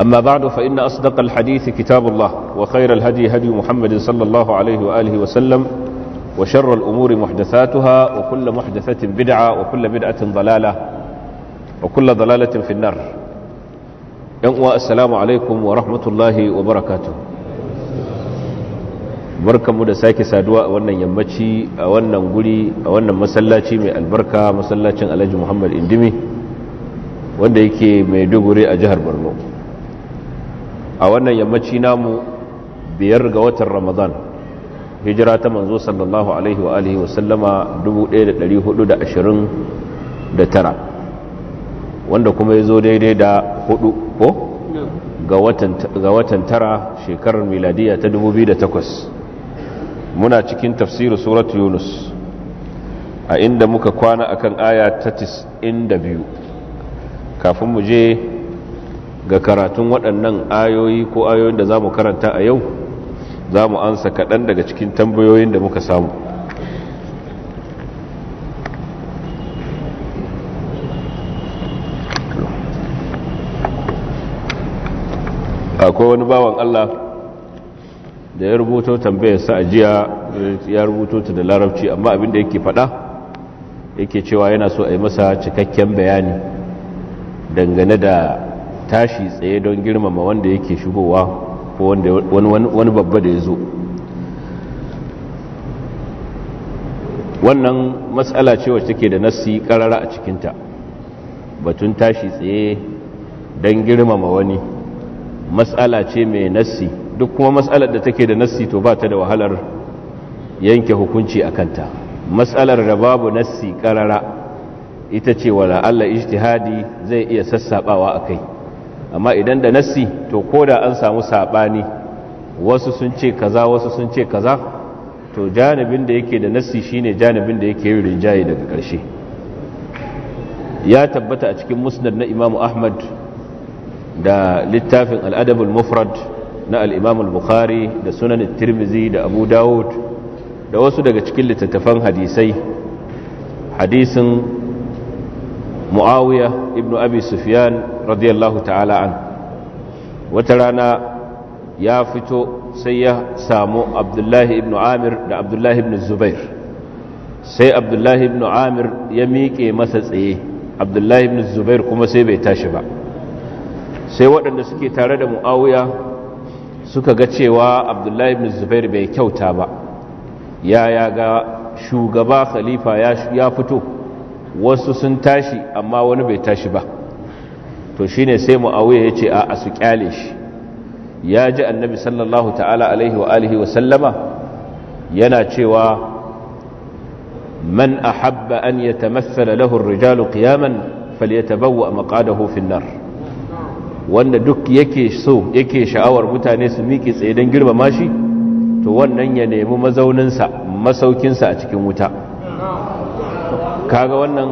أما بعد فإن أصدق الحديث كتاب الله وخير الهدي هدي محمد صلى الله عليه وآله وسلم وشر الأمور محدثاتها وكل محدثة بدعة وكل بدعة ضلالة وكل ضلالة في النار ينقوى السلام عليكم ورحمة الله وبركاته barkanmu da sake saduwa a wannan yammaci a wannan guri a wannan masallaci mai albarka masallacin alhaji muhammad indimi wanda yake mai dugure a jihar borno a wannan yammaci namu biyar ga watan ramadan hijira ta manzo sallallahu alaihi wa alihi wasallama 1429 wanda kuma ya zo daidai da hudu ko ga watan tara shekarar miladiya ta 2008 muna cikin tafsirin suratu yunus a inda muka kwana akan aya ta 92 kafin mu je ga karatun waɗannan ayoyi ko ayoyin da za mu karanta a yau za mu ansa kaɗan daga cikin tambayoyin da muka samu akwai wani bawan Allah da ya rubuto tambayarsa a jiya ya rubuto ta da larabci amma abin abinda yake faɗa yake cewa yana so a yi masa cikakken bayani dangane da tashi tsaye don girmama wanda yake shigowa ko wani babba da ya zo wannan matsala ce wacce take da nassi karara a cikinta batun tashi tsaye don girmama wani matsala ce mai nassi duk kuma matsalar da take da nassi to ba ta da wahalar yanke hukunci a kanta matsalar da babu nassi karara ita ce wala Allah ijtihadi zai iya sassabawa a kai amma idan da nassi to ko da an samu saɓani wasu sun ce kaza wasu sun ce kaza to janibin da yake da nassi shine janibin da yake yin rinjaye daga ƙarshe ya tabbata a cikin musnad na imamu ahmad da littafin al mufrad na al bukhari da sunan tirmizi da abu dawud da wasu daga cikin littattafan hadisai hadisin muawiya ibn abi sufyan radiyallahu ta'ala an wata rana ya fito sai ya samu abdullahi ibn amir da abdullahi ibn zubair sai abdullahi ibn amir ya miƙe masa tsaye abdullahi ibn zubair kuma sai bai tashi ba sai waɗanda suke tare da mu'awiya suka ga cewa abdullahi ibn zubair bai kyauta ba ya ya ga shugaba khalifa ya fito wasu sun tashi amma wani bai tashi ba to shine sai muawiya ce a su kyale shi ya ji annabi sallallahu ta'ala alaihi wa alihi wa sallama yana cewa man ahabba an yatamathala lahu ar-rijalu qiyaman falyatabawwa maqadahu fi an-nar wanda duk yake so yake sha'awar mutane su miƙe tsaye don girmama shi to wannan ya nemi mazauninsa masaukinsa a cikin wuta kaga wannan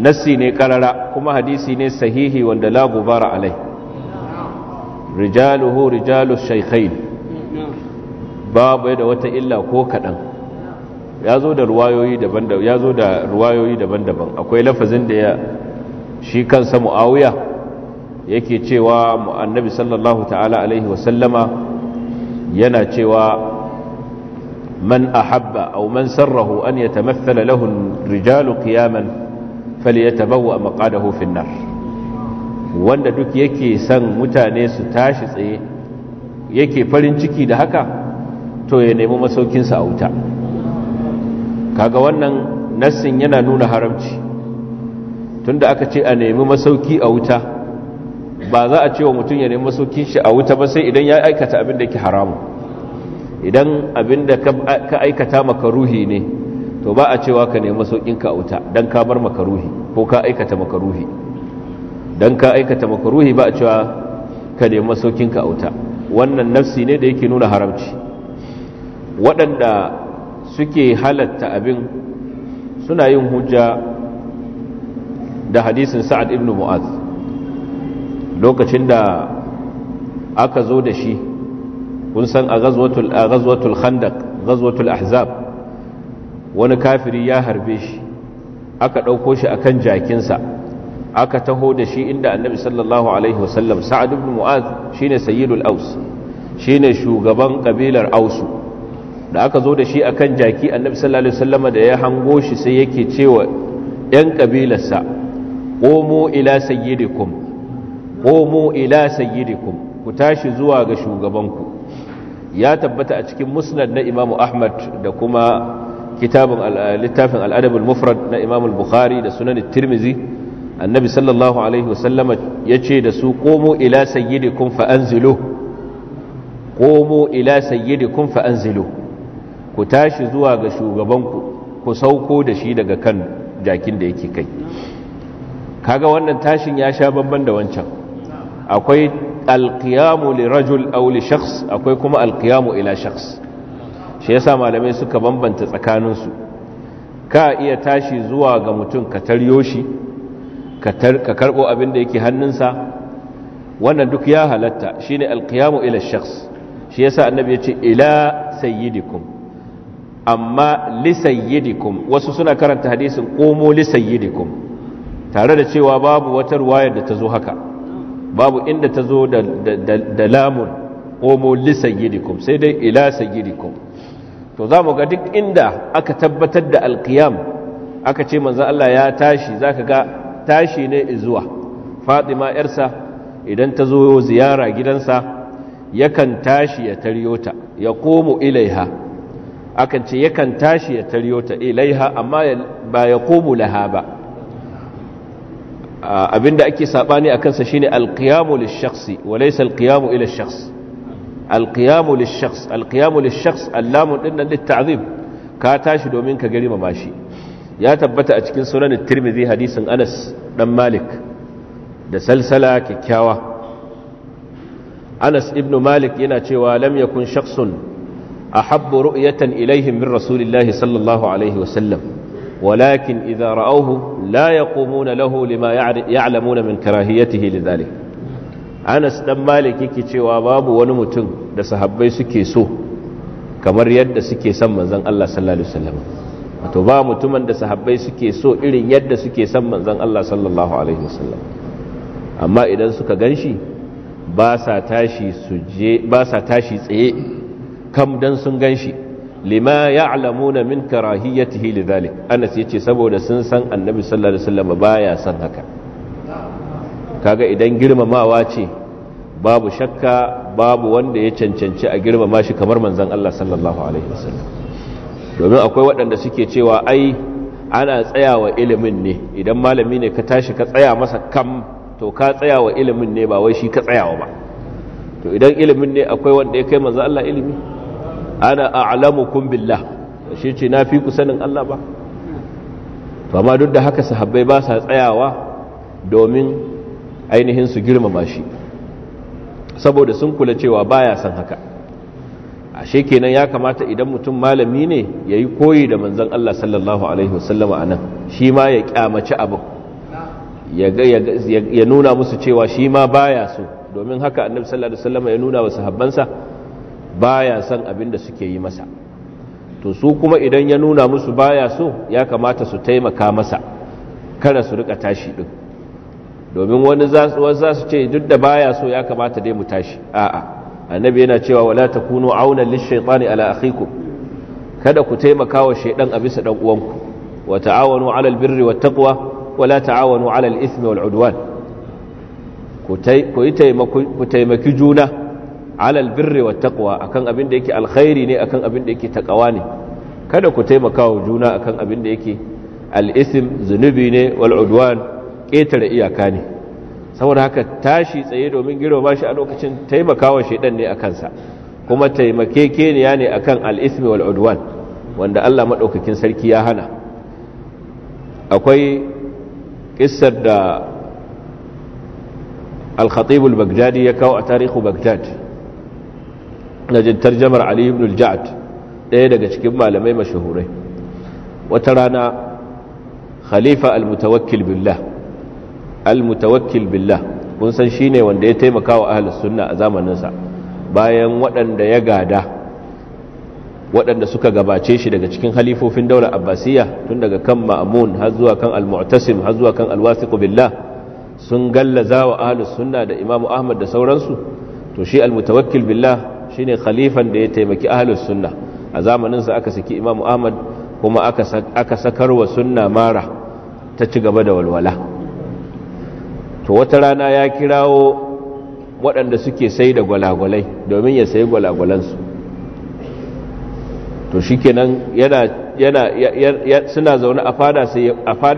nassi ne karara kuma hadisi ne sahihi wanda la gubara alai rijaluhu rijalu shaykhain babu yadda wata illa ko kaɗan ya zo da ruwayoyi daban ya zo da ruwayoyi daban-daban akwai lafazin da ya shi kansa muawiya yake cewa annabi sallallahu ta'ala alaihi wasallama yana cewa من أحب أو من سره أن يتمثل له الرجال قياما فليتبوأ مقعده في النار wanda duk yake son mutane su tashi tsaye yake farin ciki da haka to ya nemi masaukinsa a wuta kaga wannan nassin yana nuna haramci tunda aka ce a nemi masauki a wuta ba za a ce wa mutum ya nemi masaukin shi a wuta ba sai idan ya aikata abin da yake haramun idan abin da ka aikata makaruhi ne to ba a cewa ka nemi saukin ka wuta don ka bar makaruhi ko ka aikata makaruhi Don ka aikata makaruhi ba a cewa ka nemi saukin ka wuta wannan nafsi ne da yake nuna haramci waɗanda suke halatta abin suna yin hujja da hadisin sa'ad ibn mu'az lokacin da aka zo da shi kun san a ghazwatul khandaq ghazwatul ahzab wani kafiri ya harbe shi aka ɗauko shi akan jakinsa aka taho da shi inda annabi sallallahu alaihi wasallam sa'ad ibn mu'az shine sayyidul aus shine shugaban kabilar ausu da aka zo da shi akan jaki annabi sallallahu alaihi wasallama da ya hango shi sai yake cewa ɗan kabilarsa qomu ila sayyidikum qomu ila sayyidikum ku tashi zuwa ga shugabanku ya tabbata a cikin musnad na imamu ahmad da kuma kitabun littafin al'adabul mufrad na imamul bukhari da sunan tirmizi annabi sallallahu alaihi wasallama ya ce da su komo ila sayyidi fa'an zilo, komo ila sayyidi fa'an zilo, ku tashi zuwa ga shugabanku ku sauko da shi daga kan jakin da yake kai kaga wannan tashin ya sha bamban da wancan akwai alqiyamu li rajul aw akwai kuma alkiyamu ila shaks shi sa malamai suka bambanta tsakaninsu ka iya tashi zuwa ga mutum ka taryo shi ka karbo abin da yake hannunsa wannan duk ya halatta shine alqiyamu ila shaks shi sa annabi ya ce ila sayyidikum amma lisayyidikum wasu suna karanta hadisin komo li tare da cewa babu wata ruwayar da ta zo haka babu inda ta zo da lamun omo lisayidikum sai dai ila sayidikum to za mu ga duk inda aka tabbatar da alkiyam aka ce manzan Allah ya tashi za ka ga tashi ne zuwa fatima yarsa idan ta zo ziyara gidansa yakan tashi ya taryo ta ya komo ilaiha akan ce yakan tashi ya taryo ta ilaiha amma ba ya komo laha ba abinda ake sabani a kansa shine alqiyamu lishshakhsi wa laysa alqiyamu ila shakhs alqiyamu lishshakhs alqiyamu lishshakhs din dinnan litta'zim ka tashi domin ka gari mamashi ya tabbata a cikin sunan tirmidhi hadisin Anas dan Malik da salsala kikkiawa Anas ibn Malik yana cewa lam yakun shakhsun ahabbu ru'yatan ilayhim min rasulillahi sallallahu alaihi wa sallam walakin idza ra'awhu la yaqumuna lahu lima ya'lamuna min karahiyatihi lidhalik Anas dan malaki yake cewa babu wani mutum da sahabbai suke so kamar yadda suke son manzon Allah sallallahu alaihi wasallam wato ba mutumin da sahabbai suke so irin yadda suke son manzon Allah sallallahu alaihi wasallam amma idan suka ganshi ba tashi tashi tsaye kam dan sun ganshi lima ya alamuna min karahiyatihi lidhalik Anas ce saboda sun san Annabi sallallahu alaihi wasallam baya san haka kaga idan girmamawa ce babu shakka babu wanda ya cancanci a girmama shi kamar manzon Allah sallallahu alaihi wasallam domin akwai waɗanda suke cewa ai ana tsayawa ilimin ne idan malami ne ka tashi ka tsaya masa kam to ka tsayawa ilimin ne ba wai shi ka tsayawa ba to idan ilimin ne akwai wanda ya kai manzon Allah ilimi ana a'lamukum billah shi ce na fi ku sanin Allah ba to amma duk da haka sahabbai ba sa tsayawa domin ainihin su girmama shi saboda sun kula cewa baya san haka ashe kenan ya kamata idan mutum malami ne yayi koyi da manzon Allah sallallahu alaihi wasallama anan shi ma ya kyamaci ga ya nuna musu cewa shi ma baya so domin haka annabi sallallahu alaihi wasallama ya nuna wa sahabbansa baya son abin da suke yi masa to su kuma idan ya nuna musu baya so ya kamata su taimaka masa kada su rika tashi din domin wani za su ce duk da baya so ya kamata dai mu tashi a'a annabi yana cewa wala takunu auna lishaytani ala akhikum kada ku taimaka wa shaydan a bisa dan uwanku wa ta'awanu ala albirri wattaqwa wala ta'awanu ala al wal udwan ku taimaki juna alal birri wa taqwa akan abin da yake alkhairi ne akan abin da yake taqwa ne kada ku taimaka wa juna akan abin da yake al-ism zunubi ne wal udwan ƙetare iyaka ne saboda haka tashi tsaye domin girma shi a lokacin taimakawa shaiɗan ne akan sa kuma taimakekeniya ne akan al-ism wal udwan wanda Allah madaukakin sarki ya hana akwai kissar da al-khatib al-baghdadi ya kawo a tarihu baghdad na jamar tarjamar ali ibn al-ja'd ɗaya daga cikin malamai mashahurai wata rana khalifa al-mutawakkil billah al-mutawakkil billah kun san shine wanda ya taimaka wa ahlus sunna a sa bayan waɗanda ya gada waɗanda suka gabace shi daga cikin halifofin daular abbasiyya tun daga kan Mamun, har zuwa kan al-mu'tasim har zuwa kan al-wasiq billah sun gallaza wa ahlus sunna da imamu ahmad da sauransu to shi al-mutawakkil billah ne khalifan da ya taimaki ahlus sunna a zamaninsa aka saki imam ahmad kuma aka sakarwa sunna mara ta ci gaba da walwala to wata rana ya kirawo waɗanda suke sai da gwalagwalai domin ya sayi gwalagwalansu to shi kenan suna zaune a fada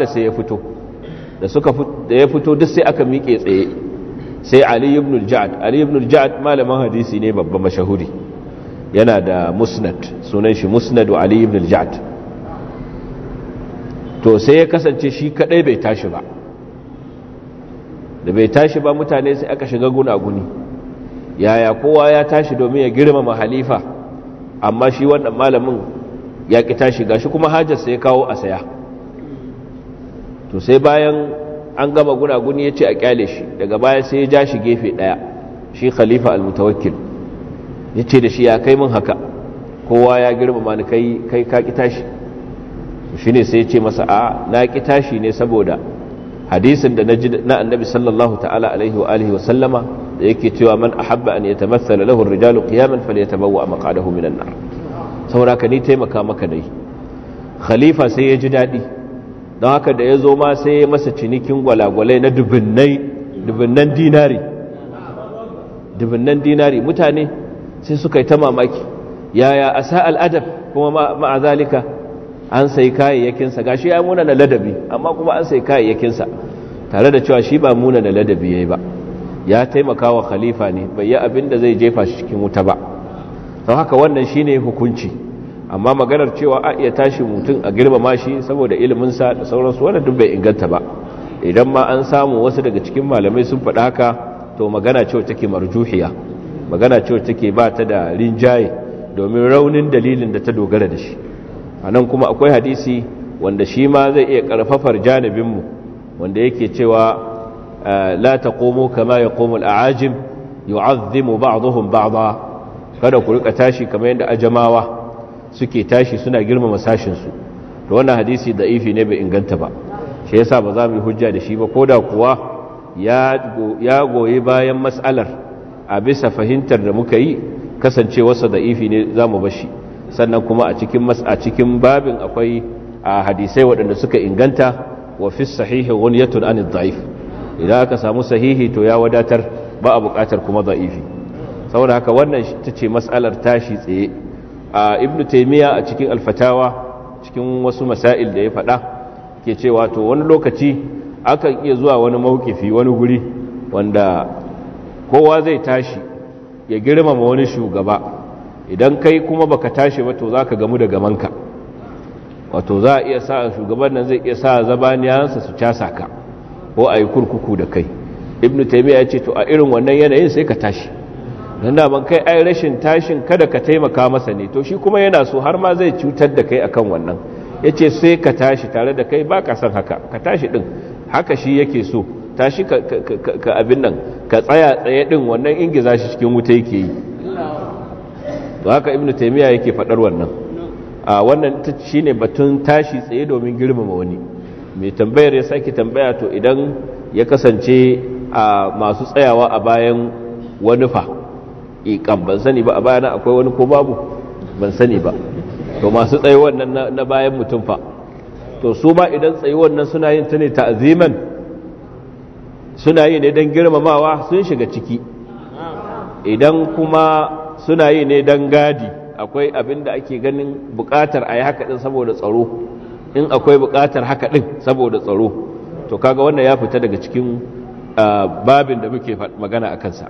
sai ya fito da ya fito duk sai aka miƙe tsaye sai ali ibn al-ja'd ali ibn al-ja'd malamin hadisi ne babba mashahuri yana da musnad sunan shi musnad ali ibn al-ja'd to sai ya kasance shi kadai bai tashi ba da bai tashi ba mutane sai aka shiga gunaguni yaya kowa ya tashi domin ya girmama halifa amma shi wannan malamin ya ki tashi gashi kuma hajar sai kawo a saya to sai bayan an gama gunaguni ya ce a kyale shi daga baya sai ya ja shi gefe ɗaya shi khalifa al-mutawakkil ya ce da shi ya kai min haka kowa ya girmama ni kai ka kita tashi. shi ne sai ya ce masa a na kita tashi ne saboda hadisin da na na annabi sallallahu ta'ala alaihi wa alihi wa sallama da yake cewa man ahabba an yatamathala lahu ar-rijalu qiyaman falyatabawwa maq'adahu minan nar saboda ka ni taimaka maka dai khalifa sai ya ji daɗi don haka da ya zo ma sai ya masa cinikin gwalagwalai na dubinnan dinari dubinnan dinari mutane sai suka yi ta mamaki yaya a sa al'adar kuma ma'azalika an sai kayayyakinsa gashi ya muna na ladabi amma kuma an sai kayayyakinsa tare da cewa shi ba muna na ladabi ya yi ba ya taimaka wa khalifa ne bai yi abin da zai jefa shi cikin wuta ba don haka wannan shine hukunci amma maganar cewa a iya tashi mutum a girmama shi saboda iliminsa da sauransu wannan duk bai inganta ba idan ma an samu wasu daga cikin malamai sun faɗa haka to magana cewa take marjuhiya magana cewa take ba ta da rinjaye domin raunin dalilin da ta dogara da shi a nan kuma akwai hadisi wanda shi ma zai iya ƙarfafar janibinmu wanda yake cewa eh, la ta komo kama ya komo al'ajim yu'azzimu ba'dhuhum ba'dha kada ku rika tashi kamar yadda ajamawa suke tashi suna girmama sashinsu to wannan hadisi da ifi ne bai inganta ba shi yasa ba za mu yi hujja da shi ba ko da kuwa ya goyi bayan matsalar a bisa fahimtar da muka yi kasancewarsa da ifi ne za mu bashi sannan kuma a cikin a cikin babin akwai a hadisai waɗanda suka inganta wa fi sahihi ya anid da'if idan aka samu sahihi to ya wadatar ba a buƙatar kuma da'ifi saboda haka wannan ta ce matsalar tashi tsaye A ibn taymiya a cikin alfatawa cikin wasu masail da ya faɗa ke cewa to wani lokaci akan iya zuwa wani maukifi wani guri wanda kowa zai tashi ya girmama wani shugaba idan kai kuma baka tashi ba to zaka gamu da gamanka wato za a iya sa shugaban nan zai iya sa zabaniyansa su casa ka ko a yi kurkuku da kai ibn taymiya ya ce to a irin wannan yanayin sai ka tashi dan ban kai ai rashin tashin kada ka taimaka masa ne to shi kuma yana so har ma zai cutar da kai akan wannan yace sai ka tashi tare da kai ba ka san haka ka tashi din haka shi yake so tashi ka abin nan ka tsaya tsaye din wannan ingiza shi cikin wuta yake yi to haka ibnu taymiya yake fadar wannan a wannan shine batun tashi tsaye domin girmama wani mai tambayar ya sake tambaya to idan ya kasance a masu tsayawa a bayan wani fa ikan ban sani ba a bayana akwai wani ko babu ban sani ba to masu tsayuwan nan na bayan mutum fa to su ma idan tsayuwan nan suna yin ta ne ta'aziman suna yi ne don girmamawa sun shiga ciki idan kuma suna yi ne don gadi akwai abin da ake ganin bukatar a yi haka ɗin saboda tsaro in akwai bukatar haka ɗin saboda tsaro to kaga wannan ya fita daga cikin ah, babin da muke magana a kansa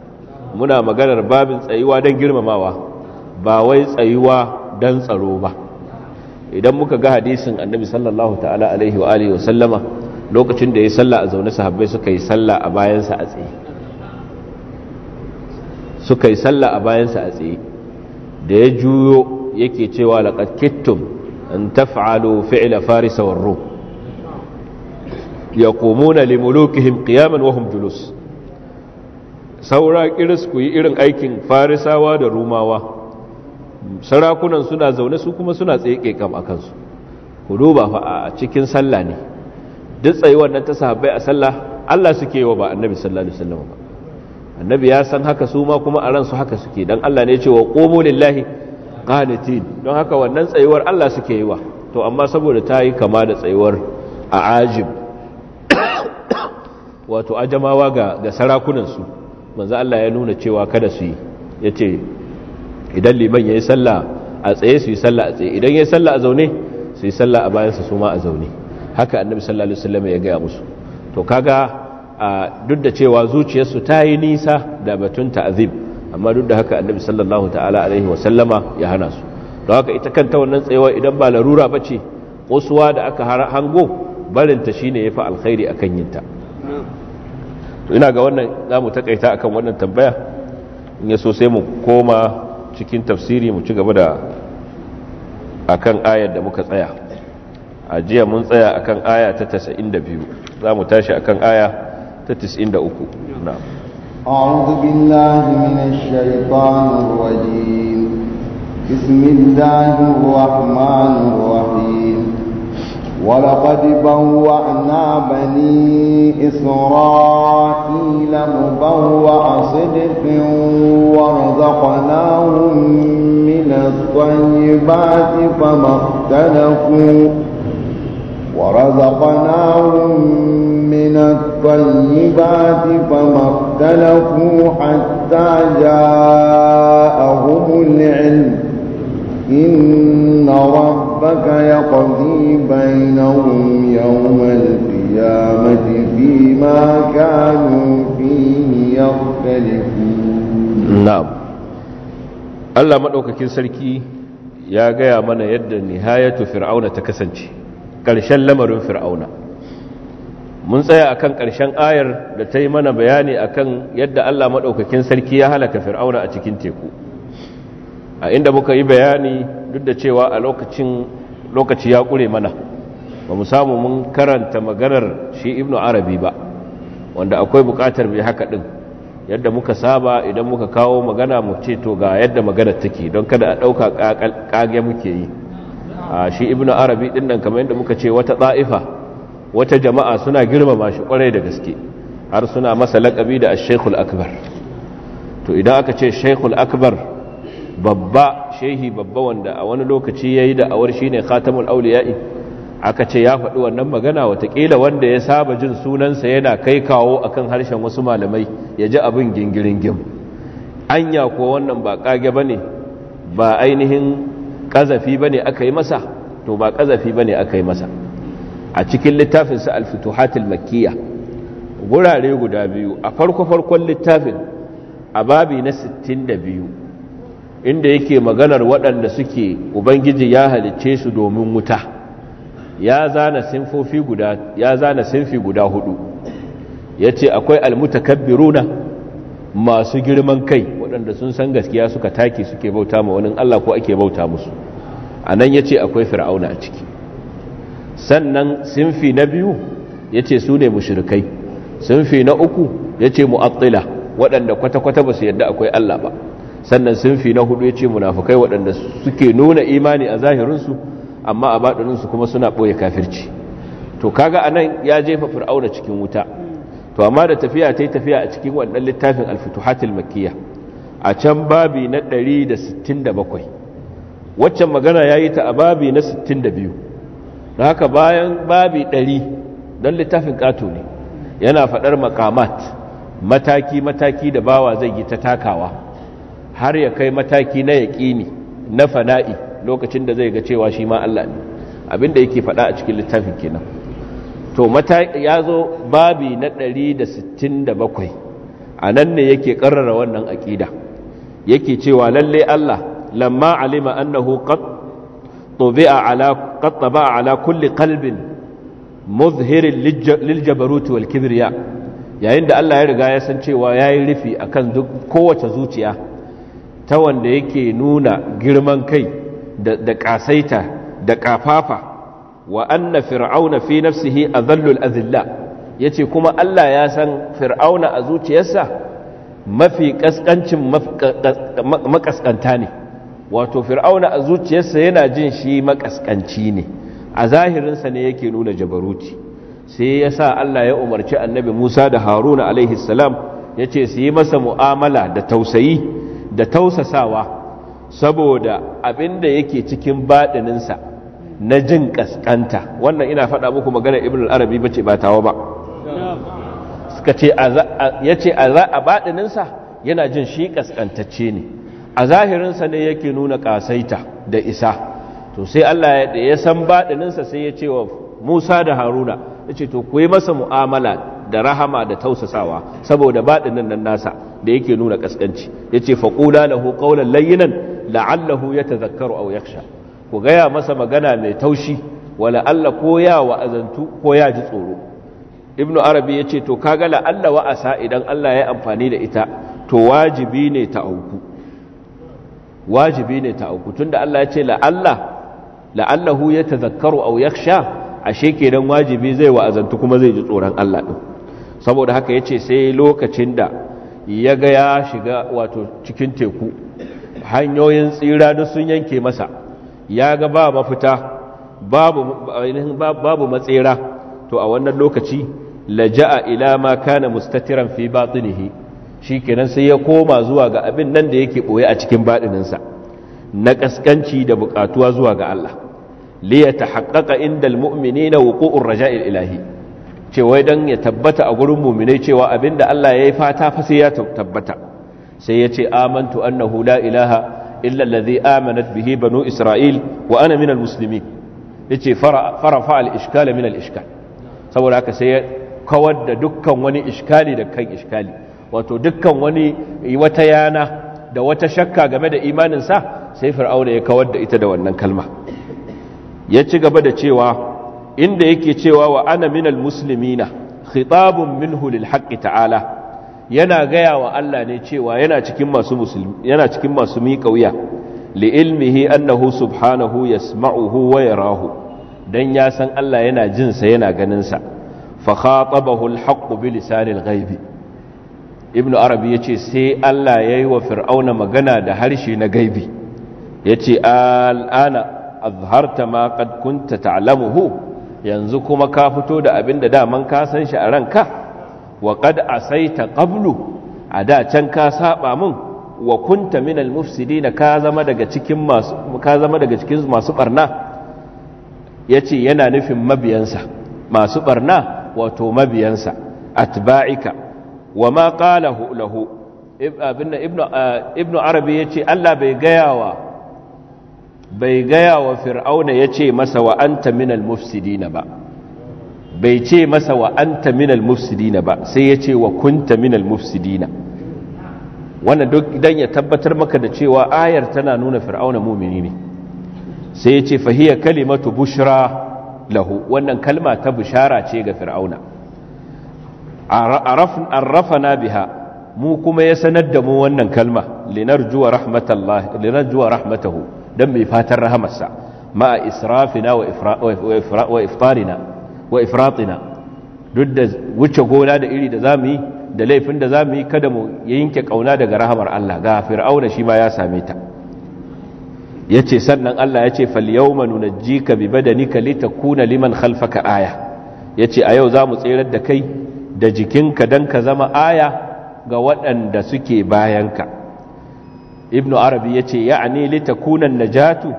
muna maganar babin tsayuwa don girmamawa ba wai tsayuwa don tsaro ba idan muka ga hadisin annabi sallallahu ta'ala alaihi wa alihi wa lokacin da ya salla a zaune sahabbai suka yi salla a bayansa a tsaye suka yi salla a bayansa a tsaye da ya juyo yake cewa laqad kittum an taf'alu fi'la farisa war rum yaqumuna li qiyaman wa hum julus saura kiris ku yi irin aikin farisawa da rumawa sarakunan suna zaune su kuma suna tsaye kam a kansu ku duba fa a cikin sallah ne duk tsayuwar nan ta sahabbai a sallah Allah suke yi wa ba annabi sallallahu alaihi wasallam ba annabi ya san haka su ma kuma a ran su haka suke dan Allah ne ya ce wa qumu lillahi qanitin don haka wannan tsayuwar Allah suke yi wa to amma saboda ta yi kama da tsayuwar a ajib wato ajamawa ga sarakunansu manzo Allah ya nuna cewa kada su yi yace idan liman yayi sallah a tsaye su yi sallah a tsaye idan yayi sallah a zaune su yi sallah a bayansa su ma a zaune haka annabi sallallahu alaihi wasallam ya gaya musu to kaga duk da cewa zuciyarsu ta yi nisa da batun ta'zib amma duk da haka annabi sallallahu ta'ala alaihi wasallama ya hana su don haka ita kanta wannan tsayewa idan ba larura bace kosuwa da aka hango barin barinta shine yafi alkhairi akan yinta to ina ga wannan za mu takaita akan wannan tambaya in ya so sai mu koma cikin tafsiri mu ci gaba da akan ayar da muka tsaya a jiya mun tsaya akan aya ta 92 za mu tashi akan aya ta 93 na a'udhu billahi minash shaitanir rajim bismillahir rahmanir rahim ولقد بوعنا بني إسرائيل مبوع صدق ورزقناهم من الطيبات فما اختلفوا ورزقناهم من الطيبات فما اختلفوا حتى جاءهم العلم إن ربك يقضي بينهم يوم القيامة فيما كانوا فيه يختلفون نعم Allah maɗaukakin sarki ya gaya mana yadda nihayatu fir'auna ta kasance ƙarshen lamarin fir'auna mun tsaya akan ƙarshen ayar da ta yi mana bayani akan yadda Allah maɗaukakin sarki ya halaka fir'auna a cikin teku a inda muka yi bayani duk da cewa a lokacin lokaci ya ƙure mana ba mu samu mun karanta maganar shi ibnu arabi ba wanda akwai bukatar mai haka ɗin yadda muka saba idan muka kawo magana mu ce to ga yadda maganar take don kada a ɗauka kage muke yi a shi ibnu arabi din nan kamar yadda muka ce wata ɗa'ifa wata jama'a suna girmama shi kwarai da gaske har suna masa laƙabi da ash akbar to idan aka ce shekul akbar babba shehi babba wanda a wani lokaci ya yi da awar shine khatamul auliya'i aka ce ya faɗi wannan magana watakila wanda ya saba jin sunansa yana kai kawo akan harshen wasu malamai ya ji abin gim. anya ko wannan ba kage bane ba ainihin kazafi bane aka yi masa to ba kazafi bane aka yi masa a cikin littafin sa al-futuhatul makkiyya gurare guda biyu a farko farkon littafin a babi na 62 inda yake maganar waɗanda suke ubangiji ya halicce su domin wuta ya zana sinfofi guda ya zana sinfi guda hudu yace akwai almutakabbiruna masu girman kai waɗanda sun san gaskiya suka take suke bauta ma wani Allah ko ake bauta musu a nan ya ce akwai fir'auna a ciki sannan sinfi na biyu ya ce su ne mushirikai sinfi na uku yace mu'attila waɗanda kwata-kwata ba su yadda akwai Allah ba sannan sunfi na hudu ce munafukai waɗanda suke nuna imani a zahirinsu amma a baɗininsu kuma suna ɓoye kafirci to kaga a nan ya jefa fir'auna cikin wuta to amma da tafiya ta yi tafiya a cikin waɗannan littafin alfutuhatul makiyya a can babi na 167 waccan magana ya yi ta a babi na 62 da haka bayan babi 100 don littafin ƙato ne yana faɗar makamat mataki-mataki da bawa zai yi ta takawa har ya kai mataki na yaƙini na fana'i lokacin da zai ga cewa shi ma Allah ne abinda yake faɗa a cikin littafin kenan to ya zo babi na 167 a nan ne yake ƙarrara wannan aƙida yake cewa lalle Allah lamma alima annahu qad tubi'a ala qad taba'a ala kulli qalbin muzhirin lil jabarut wal kibriya yayin da Allah ya riga ya san cewa yayi rufi akan duk kowace zuciya ta wanda yake nuna girman kai da ƙasaita da kafafa wa anna fir'auna fi nafsihi adhallul azilla yace kuma Allah ya san fir'auna a zuciyarsa mafi kaskancin makaskanta ne wato fir'auna a zuciyarsa yana jin shi makaskanci ne a zahirinsa ne yake nuna jabaruti sai ya sa Allah ya umarci annabi Musa da Haruna alaihi salam yace su yi masa mu'amala da tausayi da tausasawa saboda abin da yake cikin baɗininsa na jin ƙasƙanta wannan ina faɗa muku maganar ibn al-arabi bace ba tawa ba suka ce ya ce a baɗininsa yana jin shi ƙasƙantacce ne a zahirinsa ne yake nuna ƙasaita da isa to sai Allah ya san baɗininsa sai ya ce wa Musa da Haruna ya ce to ku yi masa mu'amala da rahama da tausasawa saboda baɗinin nan nasa da yake nuna kaskanci yace faqula lahu qawlan layyinan la'allahu yatadhakkaru aw yakhsha ku gaya masa magana mai taushi wala alla ko ya wa'azantu ko ya ji tsoro ibnu arabi yace to kaga la wa'asa idan Allah ya amfani da ita to wajibi ne ta auku wajibi ne ta auku tunda Allah ya ce la'allahu yatadhakkaru aw yakhsha ashe kenan wajibi zai wa'azantu kuma zai ji tsoron Allah din saboda haka ya ce sai lokacin da ya ga ya shiga wato cikin teku hanyoyin tsira na sun yanke masa ya ga ba mafita babu matsera to a wannan lokaci laja'a ila ma kana mustatiran fi batinihi shikenan sai ya koma zuwa ga abin nan da yake ɓoye a cikin baɗininsa, na ƙasƙanci da bukatuwa zuwa ga Allah li yatahaqqaqa indal mu'minina wuqu'ur raja'il ilahi ce wai dan ya tabbata a gurin muminai cewa abinda Allah ya yi fata fa sai ya tabbata sai ya ce amantu annahu la ilaha illa allazi amanat bihi banu isra'il wa ana minal muslimin yace farafa al iskala min al saboda haka sai ya kawar da dukkan wani iskali da kan iskali wato dukkan wani wata yana da wata shakka game da imaninsa sai fir'auna ya kawar da ita da wannan kalma ya ci gaba da cewa inda yake cewa wa ana minal muslimina khitabun minhu lil haqqi ta'ala yana gaya wa Allah ne cewa yana cikin masu musulmi yana cikin masu miƙauya li ilmihi annahu subhanahu yasma'uhu wa yarahu dan ya san Allah yana jin sa yana ganin sa fa khatabahu al haqq bi lisanil ghaibi ibnu arabi yace sai Allah yayi wa fir'auna magana da harshe na gaibi yace al'ana azharta ma qad kunta ta'lamuhu yanzu kuma ka fito da abin da daman ka san shi a ranka wa qad asaita qablu a da can ka saba min wa kunta al mufsidin ka zama daga cikin masu ka zama daga cikin masu barna yace yana nufin mabiyansa masu barna wato mabiyansa atba'ika wa ma qalahu lahu ibnu eh, arabi yace Allah bai gayawa bai gaya wa fir'auna ya ce masa wa anta minal mufsidina ba bai ce masa wa anta minal mufsidina ba sai ya ce wa kunta minal mufsidina wanda duk idan ya tabbatar maka da cewa ayar tana nuna fir'auna mumini ne sai ya ce fahiya kalimatu bushra lahu wannan kalma ta bushara ce ga fir'auna na biha mu kuma ya sanar da mu wannan kalma linarjuwa rahmatallahi rahmatahu don mai fatan rahamarsa ma'a israfina wa iftarina wa ifratina duk da wuce gona da iri da zamu da laifin da zamu yi kada mu yanke kauna daga rahamar Allah ga fir'auna shi ma ya same ta yace sannan Allah yace fal yawma nunajjika bi badanika litakuna liman khalfaka aya yace a yau zamu tserar da kai da jikinka dan ka zama aya ga waɗanda suke bayanka ibn arabi ya ce ya'ani litakunan najatu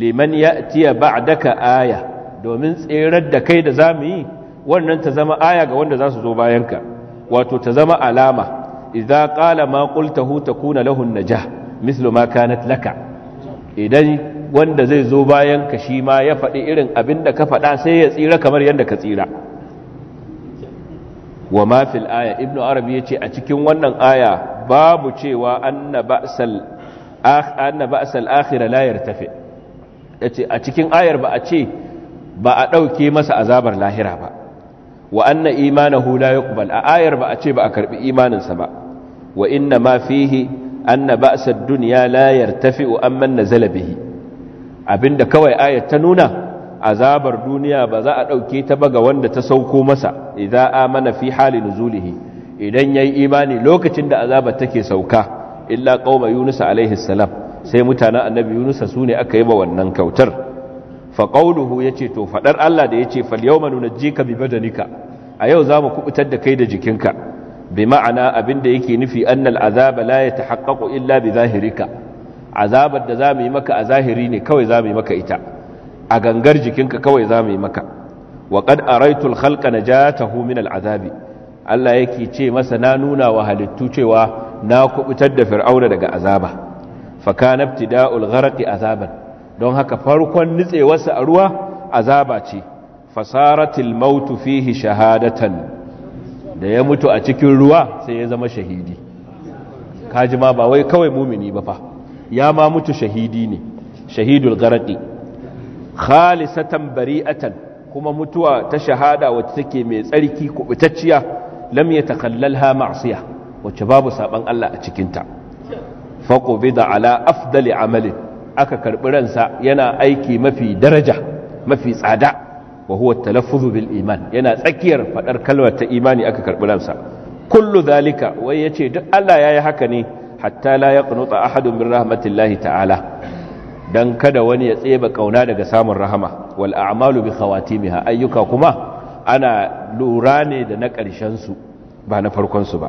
liman ya'tiya ba'daka aya domin tserar da kai da zamu yi wannan ta zama aya ga wanda za su zo bayanka wato ta zama alama idza qala ma qultahu takuna lahu najah mislu ma kanat laka idan wanda zai zo bayanka shi ma ya faɗi irin abin da ka faɗa sai ya tsira kamar yadda ka tsira wa ma fil aya ibnu arabi yace a cikin wannan aya babu cewa anna ba'asal akhira layar akhirah a cikin ayar ba a ce ba a ɗauke masa azabar lahira ba wa anna imanahu la yuqbal a ayar ba a ce ba a karbi imaninsa ba wa inna ma fihi anna layar dunya la yartafi amman nazala bihi abinda kawai ayar ta nuna azabar duniya ba za a dauke ta ba ga wanda ta sauko masa idza amana fi hali nuzulihi idan yayi imani lokacin da azabar take sauka illa ƙauma Yunusa alaihi salam sai mutanen annabi Yunusa su ne aka yi ba wannan kautar faƙauluhu ya ce to faɗar Allah da ya ce fal nuna jika bi badanika a yau zamu kubutar da kai da jikinka bi ma'ana abinda yake nufi annal azaba la yatahaqqaqu illa bi zahirika azabar da mu yi maka a zahiri ne kawai mu yi maka ita a gangar jikinka kawai mu yi maka wa qad araitul khalqa najatahu min al azabi Allah yake ce masa na nuna wa halittu cewa na kubutar da fir'auna daga azaba fa kana ibtida'ul gharqi azaban don haka farkon nitsewarsa a ruwa azaba ce fasaratil mautu fihi shahadatan da ya mutu a cikin ruwa sai ya zama shahidi kaji ma ba wai kawai mumini ba fa ya ma mutu shahidi ne shahidul gharqi khalisatan bari'atan kuma mutuwa ta shahada wacce take mai tsarki kubutacciya lam yatakhallalha ma'siyah wacce babu saban Allah a cikin ta faqubida ala afdali amalin aka karɓi ransa yana aiki mafi daraja mafi tsada wa huwa talaffuzu bil iman yana tsakiyar faɗar kalmar ta imani aka karbi ransa kullu zalika wai yace duk Allah ya yi haka ne hatta la yaqnuta ahadun min rahmatillahi ta'ala dan kada wani ya tseba kauna daga samun rahama wal a'malu bi khawatimiha ayyuka kuma ana lura ne da na su ba na farkonsu ba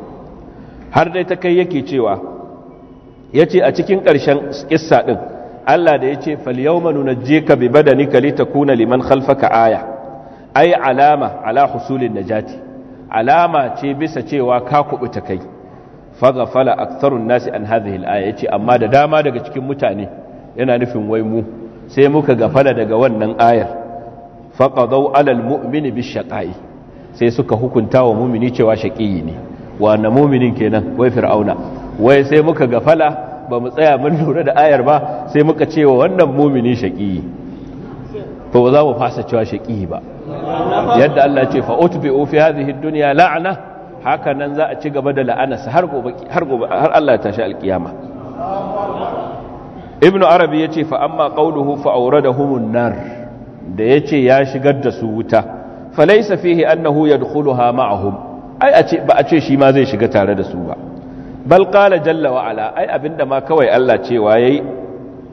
har dai ta kai yake cewa ya ce a cikin ƙarshen ƙissa ɗin allah da ya ce je ka bi kalita kuna liman ka aya ai alama ala husulin najati alama ce bisa cewa ka kuɓi ta kai fala aktharun nasi an hadhihi aya yace amma da dama daga cikin mutane yana nufin wai mu sai muka ga gafala daga wannan ayar faqadaw alal mu'mini bishaqai sai suka hukunta wa mumini cewa shaqiyi ne wa na muminin kenan wai fir'auna wai sai muka gafala ba mu tsaya mun lura da ayar ba sai muka ce wa wannan mumini shaqiyi to ba za mu fasa cewa shaqiyi ba yadda Allah ce fa utbi fi hadhihi dunya la'na haka nan za a ci gaba da la'anarsa har gobe har gobe har Allah ya tashi alkiyama ibnu arabi yace fa amma qawluhu fa awradahumun nar da ya ce ya shigar da su wuta falaisa fihi annahu yadkhuluha ma'ahum ai a ce ba a ce shi ma zai shiga tare da su ba bal qala jalla wa ala ai abinda ma kawai Allah cewa yayi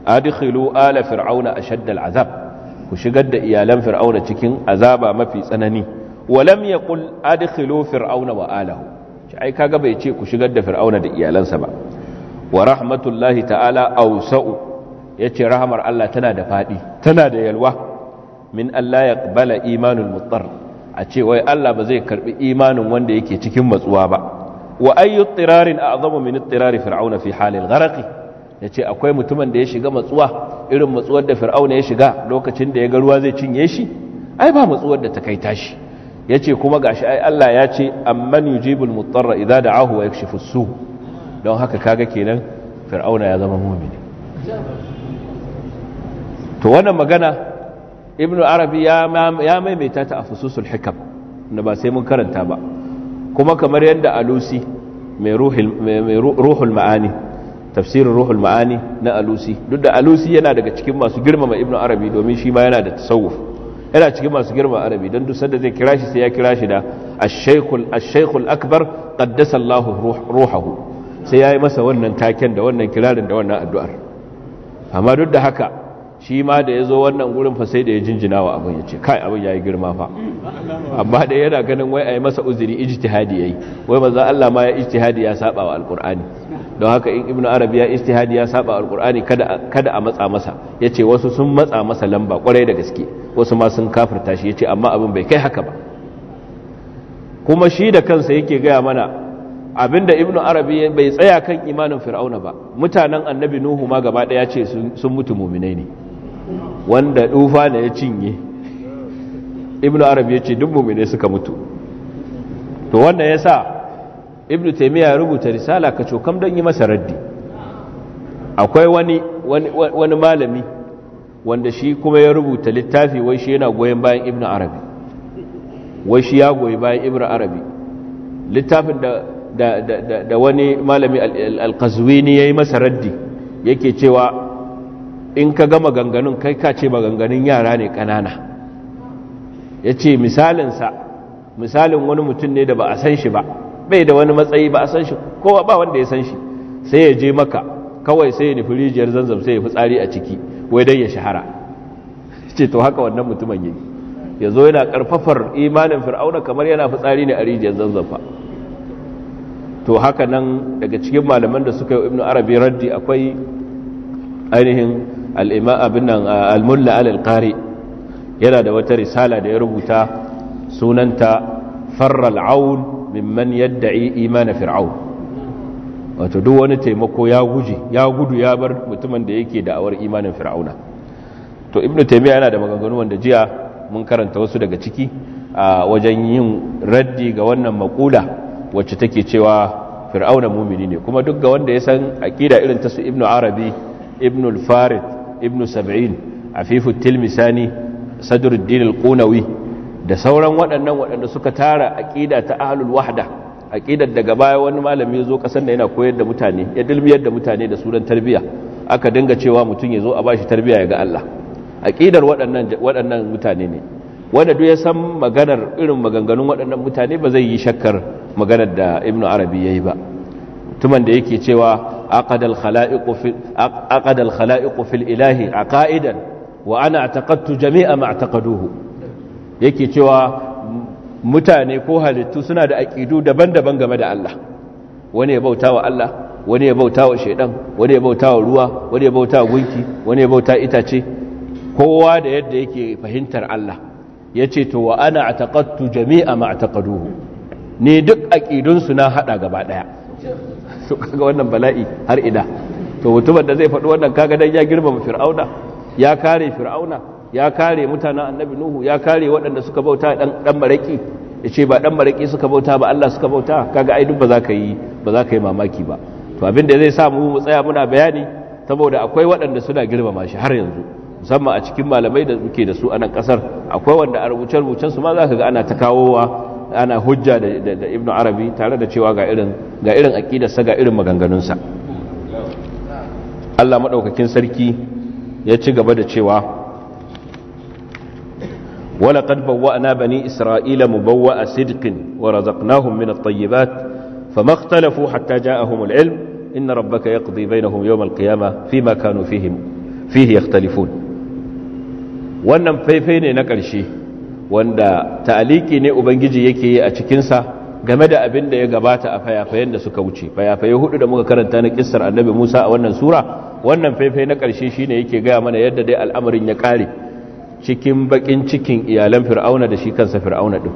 adkhilu ala fir'auna ashadda al'azab ku shigar da iyalan fir'auna cikin azaba mafi tsanani walam yaqul adkhilu fir'auna wa alahu ai kaga bai ce ku shigar da fir'auna da iyalansa ba wa rahmatullahi ta'ala ausa'u yace rahmar Allah tana da fadi tana da yalwa min Allah ya bala imanin mutar a ce wai Allah ba zai karbi imanin wanda yake cikin matsuwa ba wa ayyu tirarin a'zamu min tirari fir'auna fi al-garaki. Ya yace akwai mutumin da ya shiga matsuwa irin matsuwar da fir'auna ya shiga lokacin da ya ga ruwa zai cinye shi ai ba matsuwar da ta kai tashi yace kuma gashi ai Allah ya ce amman yujibul mutarra idza da'ahu wa yakshifu su don haka kaga kenan fir'auna ya zama mu'mini to wannan magana ibn arabi ya maimaita ta a fususul hikam da ba sai mun karanta ba kuma kamar yadda alusi mai ruhul ma'ani tafsirin ruhul ma'ani na alusi duk da alusi yana daga cikin masu girmama ibn arabi domin shi ma yana da tasawuf yana cikin masu girmama arabi don dusar da zai kira shi sai ya kira shi da ashekul akbar ƙaddasa allahu ruhahu sai ya yi masa wannan taken da wannan kirarin da wannan addu'ar amma duk da haka shi ma da ya zo wannan gurin fa sai da ya jinjina wa abin ya ce kai abin ya yi girma fa amma da yana ganin wai a yi masa uzuri ijtihadi ya yi wai maza Allah ma ya ijtihadi ya saba wa alkur'ani don haka in ibnu arabi ya ijtihadi ya saba wa alkur'ani kada a matsa masa ya ce wasu sun matsa masa lamba kwarai da gaske wasu ma sun kafirta shi ya ce amma abin bai kai haka ba kuma shi da kansa yake gaya mana abinda ibnu arabi bai tsaya kan imanin fir'auna ba mutanen annabi nuhu ma gaba daya ce sun mutu muminai ne wanda dufa ne ya cinye ibn arabi ya ce duk ne suka mutu to wanda ya sa ibn taimiyya ya rubuta risala ka cokam don yi masa raddi akwai wani, wani malami wanda shi kuma ya rubuta littafi wai shi yana goyon bayan ibn arabi wai shi ya goyi bayan ibn arabi littafin da, da, da, da wani malami al-qazwini ya yi masa raddi yake cewa in ka gama ganganun kai ka ce maganganun yara ne ƙanana ya ce misalinsa misalin wani mutum ne da ba a san shi ba bai da wani matsayi ba a san shi kowa ba wanda ya san shi sai ya je maka kawai sai ya nufi rijiyar zanzam sai ya fi tsari a ciki wai dai ya shahara ce to haka wannan mutumin yi ya zo yana karfafar imanin fir'auna kamar yana fi tsari ne a rijiyar zanzafa to haka nan daga cikin malaman da suka yi ibn arabi raddi akwai ainihin al abin nan yana da wata risala da ya rubuta sunanta farra aun mimman yadda'i imana fir'aun wato duk wani taimako ya guji ya gudu ya bar mutumin da yake da'awar imanin fir'auna to ibnu taimiyya yana da maganganu wanda jiya mun karanta wasu daga ciki a wajen yin raddi ga wannan makula wacce take cewa fir'auna mumini ne kuma duk ga wanda ya san aƙida irin ta su ibnu arabi ibnu al-farid ibn sab'in afifu tilmisani sadruddin al-qunawi da sauran waɗannan waɗanda suka tara aqida ta ahlul wahda aqidar daga baya wani malami yazo kasan da yana koyar da mutane ya dilmiyar da mutane da sunan tarbiya aka dinga cewa mutun yazo a bashi tarbiya ya ga Allah aqidar waɗannan waɗannan mutane ne wanda duk ya san maganar irin maganganun waɗannan mutane ba zai yi shakkar maganar da ibnu arabi yayi ba mutumin da yake cewa عقد الخلائق في عقد الخلائق في الاله عقائدا وانا اعتقدت جميع ما اعتقدوه yake cewa mutane ko halittu suna da aƙidu daban-daban game da Allah wani ya bauta wa Allah wani ya bauta shaidan wani ya bauta ruwa wani ya bauta gunki wani ya bauta itace kowa da yadda yake fahimtar Allah ya ce to wa ana ataqattu jami'a ma ataqaduhu ne duk aƙidunsu na haɗa gaba ɗaya to kaga wannan bala'i har ida to mutumin da zai faɗi wannan kaga dan ya girmama fir'auna ya kare fir'auna ya kare mutanen annabi nuhu ya kare waɗanda suka bauta dan dan maraki yace ba dan maraki suka bauta ba Allah suka bauta kaga ai duk ba za ka yi ba za ka yi mamaki ba to abin da zai sa mu mu tsaya muna bayani saboda akwai waɗanda suna girmama shi har yanzu musamman a cikin malamai da muke da su a nan kasar akwai wanda a rubuce-rubucen su ma za ka ga ana ta kawowa ana hujja da ibnu arabi tare da cewa ga irin aƙidarsa ga irin maganganunsa Allah madaukakin sarki ya ci gaba da cewa wala qad na bani isra'ila mu a sidkin wa razaqnahum min at-tayyibat fa ikhtalafu hatta ja'ahum al-ilm inna rabbaka yaqdi bainahum yawm al-qiyamah fima kanu fihim fihi wannan faifai ne na ƙarshe wanda ta'aliki ne ubangiji yake yi a cikinsa game da abin da ya gabata a fayafayen da suka wuce fayafaye hudu da muka karanta na kissar annabi musa a wannan sura wannan faifai na ƙarshe shine yake gaya mana yadda dai al'amarin ya kare cikin bakin cikin iyalan fir'auna da shi kansa fir'auna ɗin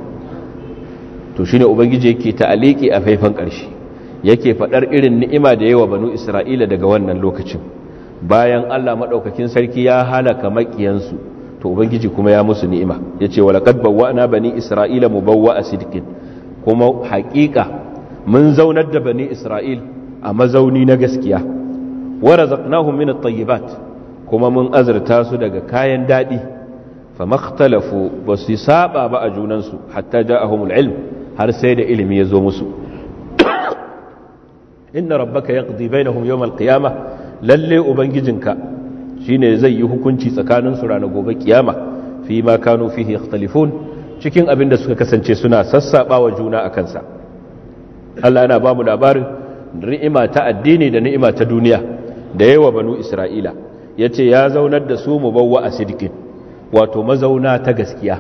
to shine ubangiji yake ta'aliki a faifan ƙarshe yake faɗar irin ni'ima da yawa banu isra'ila daga wannan lokacin bayan allah maɗaukakin sarki ya halaka maƙiyansu to ubangiji kuma ya musu ni'ima yace walaqad bawwa'na bani isra'ila mubawwa'a sidqin kuma haƙiƙa mun zaunar da bani isra'il a mazauni na gaskiya wa razaqnahum min at-tayyibat kuma mun azurta su daga kayan dadi famakhtalafu basu saba ba a junansu. su hatta ja'ahumul ilm har sai da ilimi ya zo musu inna rabbaka yaqdi bainahum yawm al-qiyamah lalle ubangijinka shine zai yi hukunci tsakanin su ranar gobe kiyama fi ma kanu fihi ikhtalifun cikin abin da suka kasance suna sassaba wa juna a kansa. Allah yana ba mu labarin ni'ima ta addini da ni'ima ta duniya da yawa banu Isra'ila ya ce ya zaunar da su mubawwa asidikin wato mazauna ta gaskiya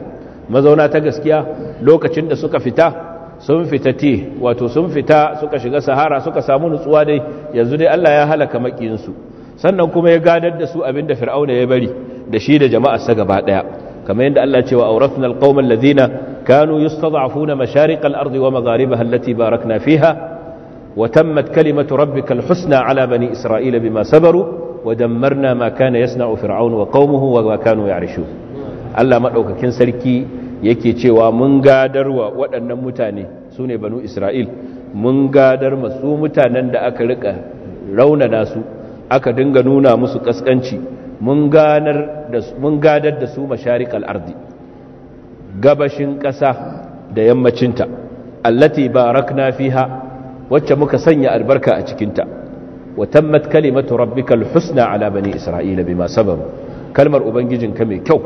mazauna ta gaskiya lokacin da suka fita sun fita ti wato sun fita suka shiga sahara suka samu nutsuwa dai yanzu dai Allah ya halaka makiyinsu sannan kuma ya gadar da su abinda fir'auna ya bari da shi da jama'arsa gaba daya kamar yadda Allah cewa awrathna alqauman alladhina kanu yustad'afuna masharik al wa magharibaha allati barakna fiha wa tammat kalimatu rabbika al-husna ala bani isra'ila bima sabaru wa dammarna ma kana yasna'u fir'aun wa qaumuhu wa ma kanu ya'rishu Allah madaukakin sarki yake cewa mun gadarwa waɗannan mutane sune banu isra'il mun gadar masu mutanen da aka rika raunana su aka dinga nuna musu kaskanci mun gadar da su masharik al'ardi gabashin ƙasa da yammacinta allati barakna fiha wacce muka sanya albarka a cikinta wa tammat kalimatu rabbikal husna ala bani isra'ila bima sabaru kalmar ubangijinka mai kyau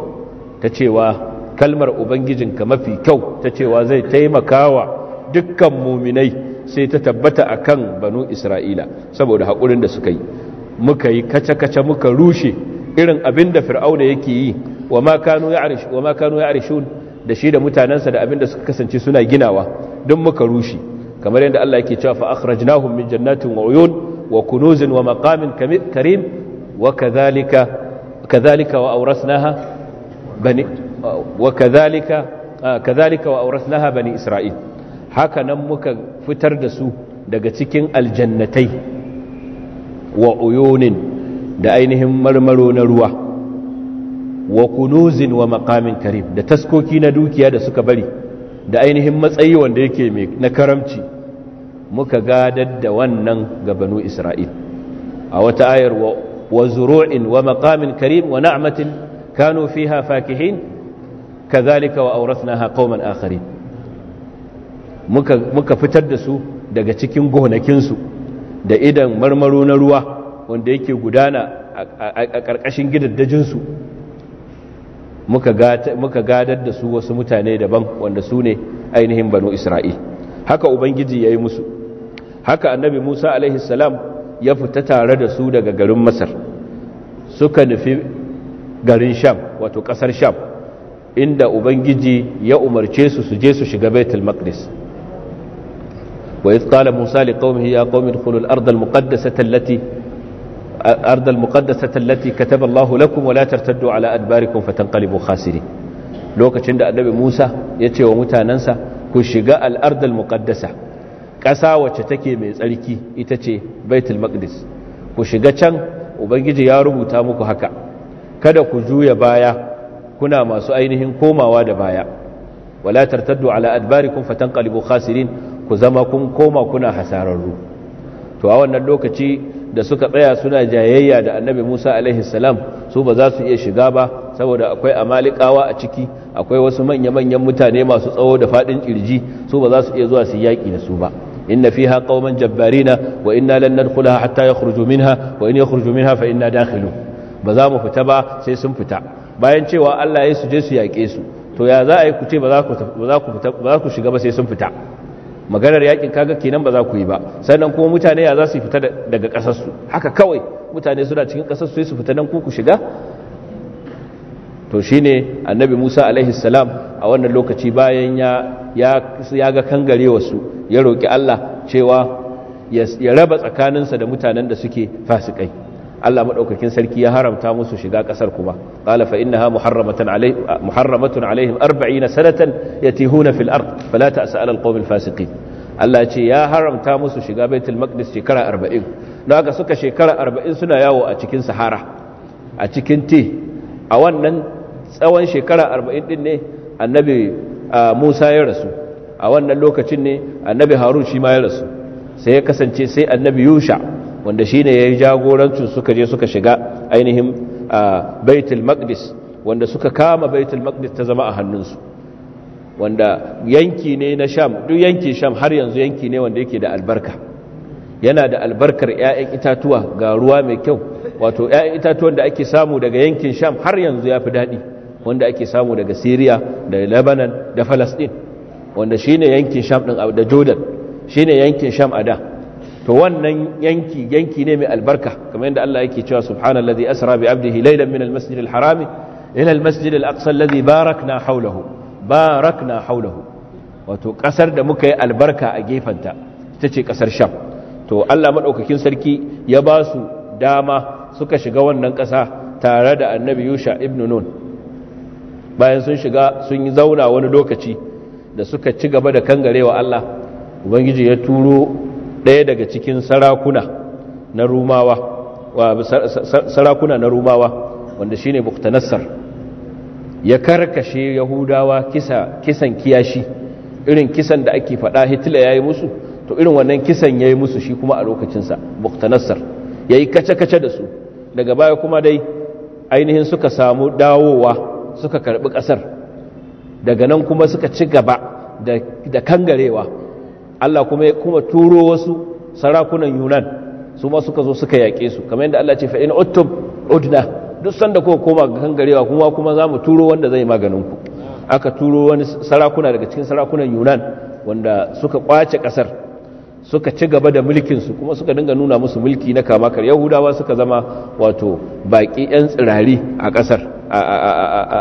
ta cewa kalmar ubangijinka mafi kyau ta cewa zai taimakawa dukkan muminai sai ta tabbata akan banu isra'ila saboda haƙurin da suka yi muka yi kace-kace muka rushe irin abin da fir'auna yake yi wa ma kanu ya arishun da shi da mutanensa da abin da suka kasance suna ginawa don muka rushe kamar yadda Allah yake cewa fa akhrajnahum min jannatin wa uyun wa kunuzin wa maqamin karim wa wa awrasnaha bani wa kadhalika wa bani isra'il haka nan muka fitar da su daga cikin aljannatai wa uyunin da ainihin marmaro na ruwa wa kunuzin wa maqamin karim da taskoki na dukiya da suka bari da ainihin matsayi wanda yake na karamci muka gadar da wannan ga banu isra'il a wata ayar wa zuru'in wa maqamin karim wa na'matin kanu fiha fakihin kadhalika wa awrathnaha qauman akharin muka muka fitar da su daga cikin gonakinsu da idan marmaro na ruwa wanda yake gudana a ƙarƙashin gidaddajinsu muka gadar da su wasu mutane daban wanda su ne ainihin banu isra'il haka ubangiji ya yi musu haka annabi musa alaihissalam ya fita tare da su daga garin masar suka nufi garin sham wato ƙasar sham inda ubangiji ya umarce su su je su shiga baitul maqdis وإذ قال موسى لقومه يا قوم ادخلوا الأرض المقدسة التي الأرض المقدسة التي كتب الله لكم ولا ترتدوا على أدباركم فتنقلبوا خاسرين lokacin da annabi Musa ya ce wa mutanansa ku shiga al'adar muqaddasa ƙasa wacce take mai tsarki ita ce Baitul Maqdis ku shiga can ubangiji ya rubuta muku haka kada ku juya baya kuna masu ainihin komawa da baya wala ku zama kun koma kuna hasararru to a wannan lokaci da suka tsaya suna jayayya da annabi Musa alaihi su ba za su iya shiga ba saboda akwai amalikawa a ciki akwai wasu manya-manyan mutane masu tsawo da fadin kirji su ba za su iya zuwa su yaƙi da su ba inna fiha qauman jabbarina wa inna lan nadkhulaha hatta yakhruju minha wa in yakhruju minha fa inna dakhilu ba za mu fita ba sai sun fita bayan cewa Allah ya su je su yaƙe su to ya za a yi ku ce ba za ku fita ba za ku shiga ba sai sun fita maganar yakin kaga kenan ba za ku yi ba sannan kuma mutane ya za su fita daga kasarsu haka kawai mutane suna cikin kasarsu sai su fita nan ku ku shiga to shine annabi Musa alaihi salam a wannan lokaci bayan ya ya ga kangarewa su ya roki Allah cewa ya raba tsakaninsa da mutanen da suke fasikai Allah madaukakin sarki ya haramta musu shiga kasar kuma qala fa innaha muharramatan alayhi muharramatun alaihim 40 sanatan yatihuna fil ard fala ta'sal alqawm alfasiqin Allah ce ya haramta musu shiga baitul maqdis shekara 40 don ga suka shekara 40 suna yawo a cikin sahara a cikin te a wannan tsawon shekara 40 din ne annabi Musa ya rasu a wannan lokacin ne annabi Harun shi ma ya rasu sai ya kasance sai annabi Yusha wanda shi ne ya yi jagorancin suka je suka shiga ainihin baitul maqdis wanda suka kama baitul maqdis ta zama a hannunsu wanda yanki ne na sham duk yanki sham har yanzu yanki ne wanda yake da albarka yana da albarkar 'ya'yan itatuwa ga ruwa mai kyau wato 'ya'yan itatuwan da ake samu daga yankin sham har yanzu ya fi daɗi wanda ake samu daga syria da lebanon da Palestine. wanda shine yankin sham ɗin da jordan shine yankin sham a da to wannan yanki yanki ne mai albarka kamar yadda Allah yake cewa subhanallazi asra bi abdihi laylan min almasjid alharam ila almasjid alaqsa alladhi barakna hawlahu barakna hawlahu wato kasar da muka yi albarka a gefanta ita ce kasar sham to Allah madaukakin sarki ya ba su dama suka shiga wannan kasa tare da annabi yusha ibn nun bayan sun shiga sun yi zauna wani lokaci da suka ci gaba da kangarewa Allah ubangiji ya turo ɗaya daga cikin sarakuna na rumawa sarakuna na rumawa wanda shine buktanassar ya karkashe yahudawa kisan kiyashi irin kisan da ake faɗa hitler ya yi musu to irin wannan kisan ya yi musu shi kuma a lokacinsa buktanassar ya yi kace-kace da su daga baya kuma dai ainihin suka samu dawowa suka karɓi ƙasar daga nan kuma suka ci gaba da kangarewa Allah kuma kuma turo wasu sarakunan Yunan su ma suka zo suka yaƙe su kamar yadda Allah ce fa in uttum udna duk sanda kuka koma ga kangarewa kuma kuma mu turo wanda zai maganin ku aka turo wani sarakuna daga cikin sarakunan Yunan wanda suka kwace kasar suka ci gaba da mulkin su kuma suka dinga nuna musu mulki na kama Yahudawa suka zama wato baki yan tsirari a kasar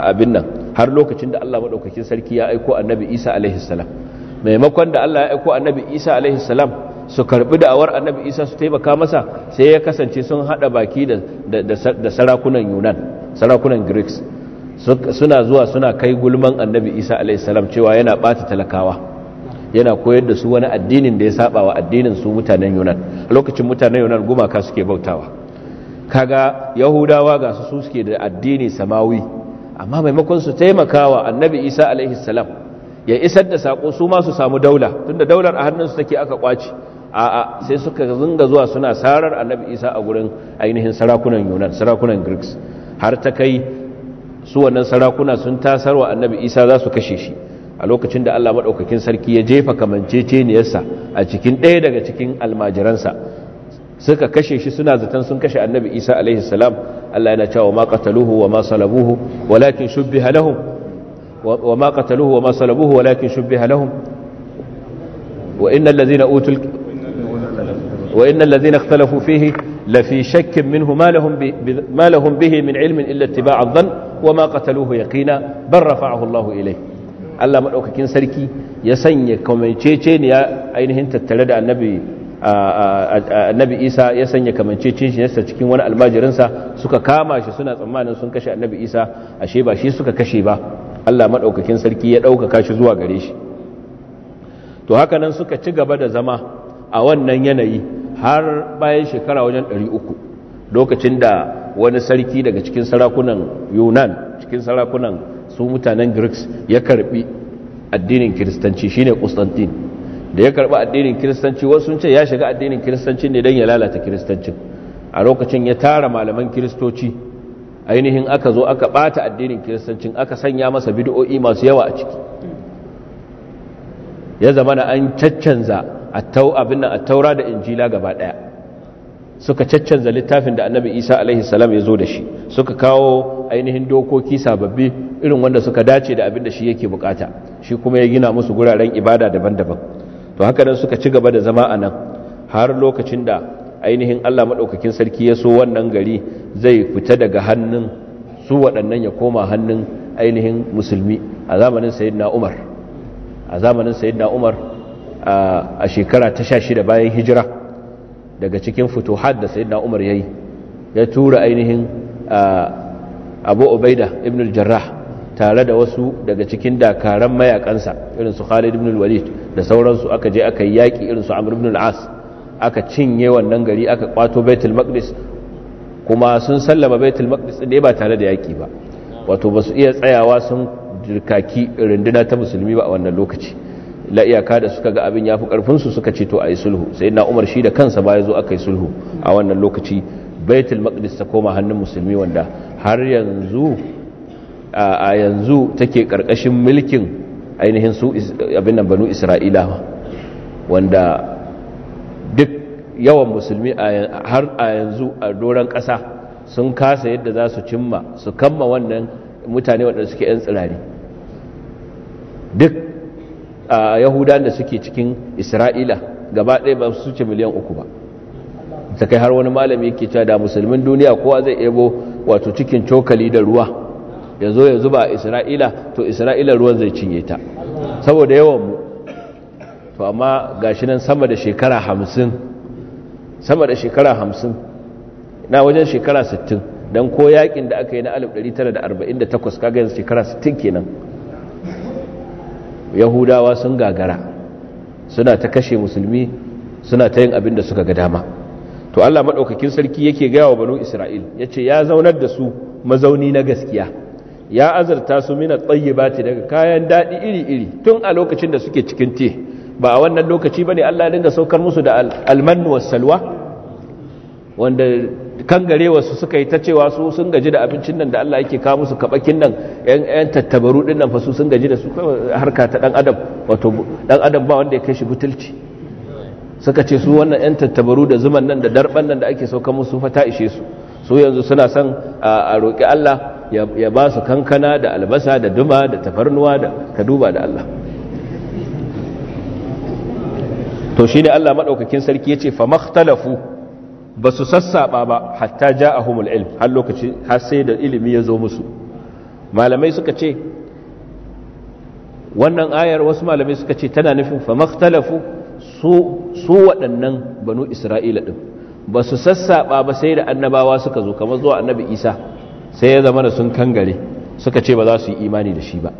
abin nan har lokacin da Allah madaukakin sarki ya aiko annabi Isa alaihi salam maimakon da Allah ya aiko annabi Isa alaihi salam su karbi da'awar annabi Isa su taimaka masa sai ya kasance sun hada baki da sarakunan Yunan sarakunan Greeks suna zuwa suna kai gulman annabi Isa alaihi salam cewa yana bata talakawa yana koyar da su wani addinin da ya saba wa addinin su mutanen Yunan lokacin mutanen Yunan gumaka suke bautawa kaga Yahudawa ga su suke da addini samawi amma maimakon su taimakawa annabi Isa alaihi salam ya isar da saƙo su ma su samu daula tunda daular a hannunsu take aka kwaci a'a sai suka zunga zuwa suna sarar annabi isa a gurin ainihin sarakunan yunan sarakunan greeks har ta kai su wannan sarakuna sun tasarwa annabi isa za su kashe shi a lokacin da allah maɗaukakin sarki ya jefa kamanceceniyarsa a cikin ɗaya daga cikin almajiransa suka kashe shi suna zaton sun kashe annabi isa alaihi salam allah yana cewa ma qataluhu wa ma salabuhu walakin shubbiha lahum وما قتلوه وما صلبوه ولكن شبه لهم وإن الذين أوتوا وإن الذين اختلفوا فيه لفي شك منه ما لهم, ما لهم به من علم إلا اتباع الظن وما قتلوه يقينا بل رفعه الله إليه الله ملوك كن سركي يسني كمن تشيشين يا أين هنت التلدى النبي النبي إيسا يسني كمن تشيشين يستشكين وانا الماجرنسا سكا كاما شسنا ثمانا سنكشي النبي إيسا أشيبا شي سكا كشيبا Allah maɗaukakin sarki ya ɗaukaka shi zuwa gare shi to haka nan suka ci gaba da zama a wannan yanayi har bayan shekara wajen 300 lokacin da wani sarki daga cikin sarakunan yunan cikin sarakunan su mutanen greeks ya karbi addinin kiristanci shine constantine da ya karbi addinin kiristanci wasu sun ce ya shiga addinin kiristanci ne don ya lalata kiristancin a lokacin ya tara malaman kiristoci ainihin aka zo aka bata addinin kiristancin aka sanya masa bid'o'i masu yawa a ciki ya zama na an caccanza abin nan a taura da injila gaba daya suka caccanza littafin da annabi isa alaihi salam ya zo da shi suka kawo ainihin dokoki sababbi irin wanda suka dace da abin da shi yake bukata shi kuma ya gina musu guraren ibada daban-daban to haka nan suka ci gaba da zama a nan har lokacin da ainihin Allah maɗaukakin sarki ya so wannan gari zai fita daga hannun su waɗannan ya koma hannun ainihin musulmi a zamanin na Umar a zamanin na Umar a shekara ta sha shida bayan hijira daga cikin futuhat da na Umar ya yi ya tura ainihin Abu obaida ibn al-Jarrah tare da wasu daga cikin dakaran mayakansa irin Khalid ibn walid da sauransu aka je aka yi yaƙi irin su ibn al-As aka cinye wannan gari aka kwato baitul maqdis kuma sun sallama baitul maqdis ne ba tare da yaki ba wato ba su iya tsayawa sun jirkaki runduna ta musulmi ba a wannan lokaci la iyaka da suka ga abin yafi karfin su suka ce to ayi sulhu sai na Umar shi da kansa ba ya zo aka yi sulhu a wannan lokaci baitul maqdis ta koma hannun musulmi wanda har yanzu a yanzu take karkashin mulkin ainihin su abin nan banu Isra'ila wanda duk yawan musulmi har a yanzu a doron ƙasa sun kasa yadda za su cimma su kamma wannan mutane waɗanda suke 'yan tsirari duk a yahudan da suke cikin isra'ila gaba ɗaya ba su ce miliyan uku ba ta kai har wani malami yake cewa da musulmin duniya kowa zai ebo wato cikin cokali da ruwa ya zo ya zuba isra'ila to isra'ila ruwan zai cinye ta saboda yawan mu to amma ga shi nan sama da shekara hamsin sama da shekara hamsin na wajen shekara sittin don ko yakin da aka yi na 1948 kaga yanzu shekara sittin kenan yahudawa sun gagara suna ta kashe musulmi suna ta yin abin da suka ga dama to Allah maɗaukakin sarki yake gaya wa banu Isra'il ya ce ya zaunar da su mazauni na gaskiya ya azarta su mina tsayyibati daga kayan daɗi iri-iri tun a lokacin da suke cikin te ba a wannan lokaci ba ne Allah ya dinga saukar musu da almannu salwa wanda gare su suka yi ta cewa su sun gaji da abincin nan da Allah yake kawo musu kabakin nan yan yan tattabaru din nan fa su sun gaji da su harka ta dan adam wato dan adam ba wanda ya kai shi butulci suka ce su wannan yan tattabaru da zuman nan da darban nan da ake sauka musu fa ta ishe su su yanzu suna son a roki Allah ya ba su kankana da albasa da duma da tafarnuwa da ka duba da Allah to ne Allah maɗaukakin sarki ce fa makhtalafu basu sassaba ba hatta ja'ahumul ilm har lokaci har sai da ilimi ya zo musu malamai suka ce wannan ayar wasu malamai suka ce tana nufin fa makhtalafu su su waɗannan banu isra'ila ɗin ba su sassaba ba sai da annabawa suka zo kamar zuwa annabi isa sai ya zama da sun kangare suka ce ba za su yi imani da shi ba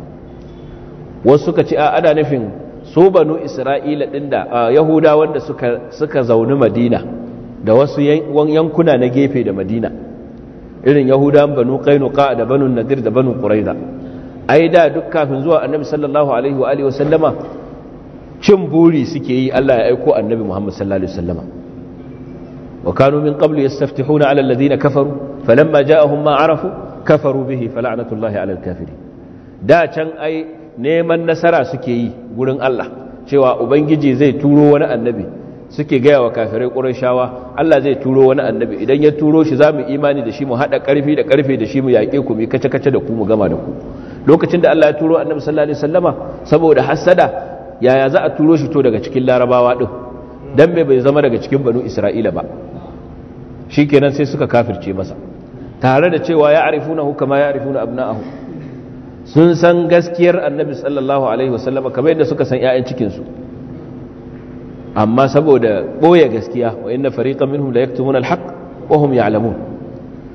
wasu suka ce a ana nufin su banu isra'ila ɗin da yahuda wanda suka suka zauni madina da wasu yankuna na gefe da madina irin Yahuda banu kainuka da banu nadir da banu quraiza ai da duk kafin zuwa annabi sallallahu alaihi wa alihi wasallama cin buri suke yi Allah ya aiko annabi Muhammad sallallahu alaihi wasallama wa kanu min qablu yastaftihuna ala alladhina kafaru falamma ja'ahum ma arafu kafaru bihi fala'natullahi ala alkafirin da can ai neman nasara suke yi gurin Allah cewa ubangiji zai turo wani annabi suke gaya wa kafirai shawa Allah zai turo wani annabi idan ya turo shi za mu imani da shi mu haɗa ƙarfi da ƙarfe da shi mu yaƙe ku mu kace-kace da ku mu gama da ku lokacin da Allah ya turo annabi sallallahu alaihi wasallama saboda hassada yaya za a turo shi to daga cikin larabawa din dan bai bai zama daga cikin banu isra'ila ba shikenan sai suka kafirce masa tare da cewa ya arifuna hu kama ya arifuna abna'ahu sun san gaskiyar annabi sallallahu alaihi wasallama kamar yadda suka san 'ya'yan cikinsu amma saboda ɓoye gaskiya wa inna fariqan minhum la yaktumuna alhaq wa hum ya'lamun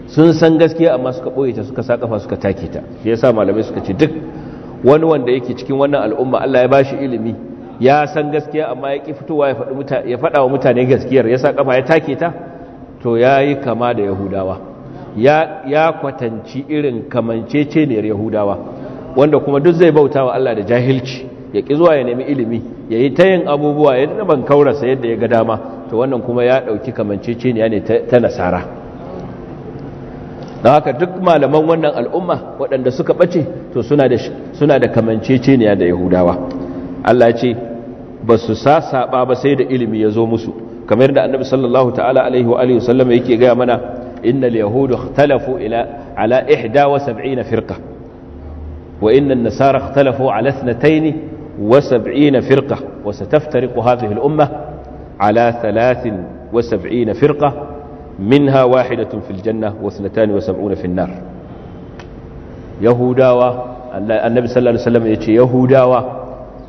sun san gaskiya amma suka ɓoye ta suka sakafa suka take ta shi yasa malamai suka ce duk wani wanda yake cikin wannan al'umma Allah ya bashi ilimi ya san gaskiya amma ya ki fitowa ya faɗi mutane ya faɗa wa mutane gaskiyar ya sa kafa ya take ta to yayi kama da yahudawa ya ya kwatanci irin kamanceceniyar yahudawa wanda kuma duk zai bauta wa Allah da jahilci ya ƙi zuwa ya nemi ilimi ya yi ta yin abubuwa ya daɗa ban kaurasa yadda ya ga dama to wannan kuma ya ɗauki kamanceceniya ne ta nasara Na haka duk malaman wannan al'umma waɗanda suka ɓace to suna da kamanceceniya da yahudawa Allah ce ba su sa saɓa ba sai da ilimi ya zo musu kamar da annabi sallallahu ta'ala alaihi wa sallam yake gaya mana innal yahudu ikhtalafu ila ala 71 firqa وإن النصارى اختلفوا على اثنتين وسبعين فرقة وستفترق هذه الأمة على ثلاث وسبعين فرقة منها واحدة في الجنة واثنتان وسبعون في النار يهوداوة النبي صلى الله عليه وسلم يقول يهوداوة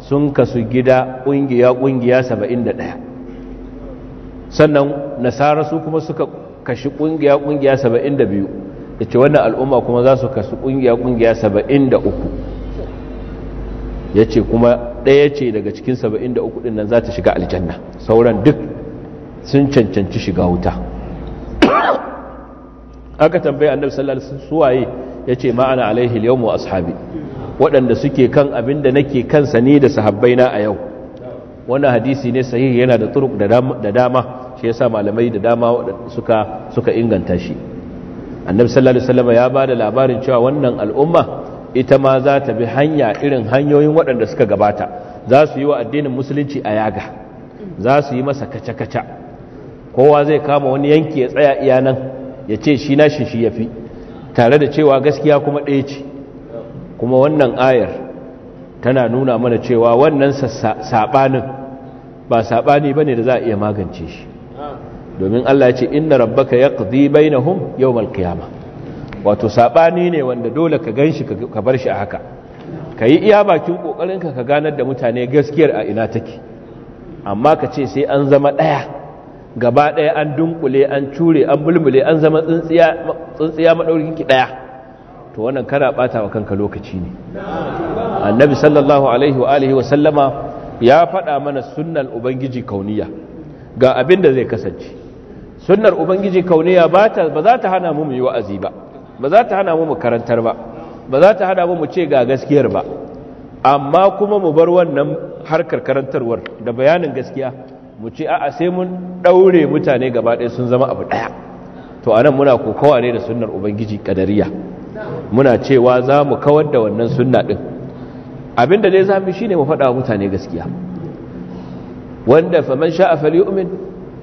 سنك سجدا قنجيا قنجيا سبعين دلها sannan nasara su kuma suka kashi kungiya kungiya 72 yace wannan al'umma kuma za su kasu da uku ya yace kuma ɗaya ce daga cikin saba'in da uku ɗinnan za ta shiga aljanna sauran duk sun cancanci shiga wuta aka tambaye annabi sallallahu alaihi wasallam suwaye yace ma ana alaihi al-yawm wa ashabi waɗanda suke kan abin da nake kansa ne da sahabbai na a yau wannan hadisi ne sahihi yana da turuk da dama shi yasa malamai da dama suka suka inganta shi annabi sallallahu alaihi wasallam ya bada labarin cewa wannan al'umma ita ma za ta bi hanya irin hanyoyin waɗanda suka gabata za su yi wa addinin musulunci a yaga za su yi masa kaca-kaca kowa zai kama wani yanki ya tsaya iya nan ya ce shi nashin shi ya fi tare da cewa gaskiya kuma ɗaya ce kuma wannan ayar tana nuna mana cewa wannan saɓanin ba saɓani ba ne da za a iya magance shi domin Allah ya ce inna rabbaka yaqdi bainahum yau qiyamah wato sabani ne wanda dole ka ganshi ka bar shi a haka yi iya bakin kokarinka ka ganar da mutane gaskiyar a ina take amma ka ce sai an zama daya gaba daya an dunkule an cure an bulbule an zama tsintsiya tsintsiya madaurin ki daya to wannan kana bata wa kanka lokaci ne annabi sallallahu alaihi wa alihi wa sallama ya faɗa mana sunnan ubangiji kauniya ga abin da zai kasance sunnar ubangiji kauniya ba za ta hana mu yi wa'azi ba ba za ta hana mu karantar ba ba za ta hana mu ce ga gaskiyar ba amma kuma mu bar wannan harkar karantarwar da bayanin gaskiya mu ce a'a sai mun daure mutane gaba ɗaya sun zama abu ɗaya to anan muna kokawa ne da sunnar ubangiji kadariya muna cewa za mu kawar da wannan sunna ɗin abinda dai za mu shi ne mu faɗa mutane gaskiya wanda faman sha'a fal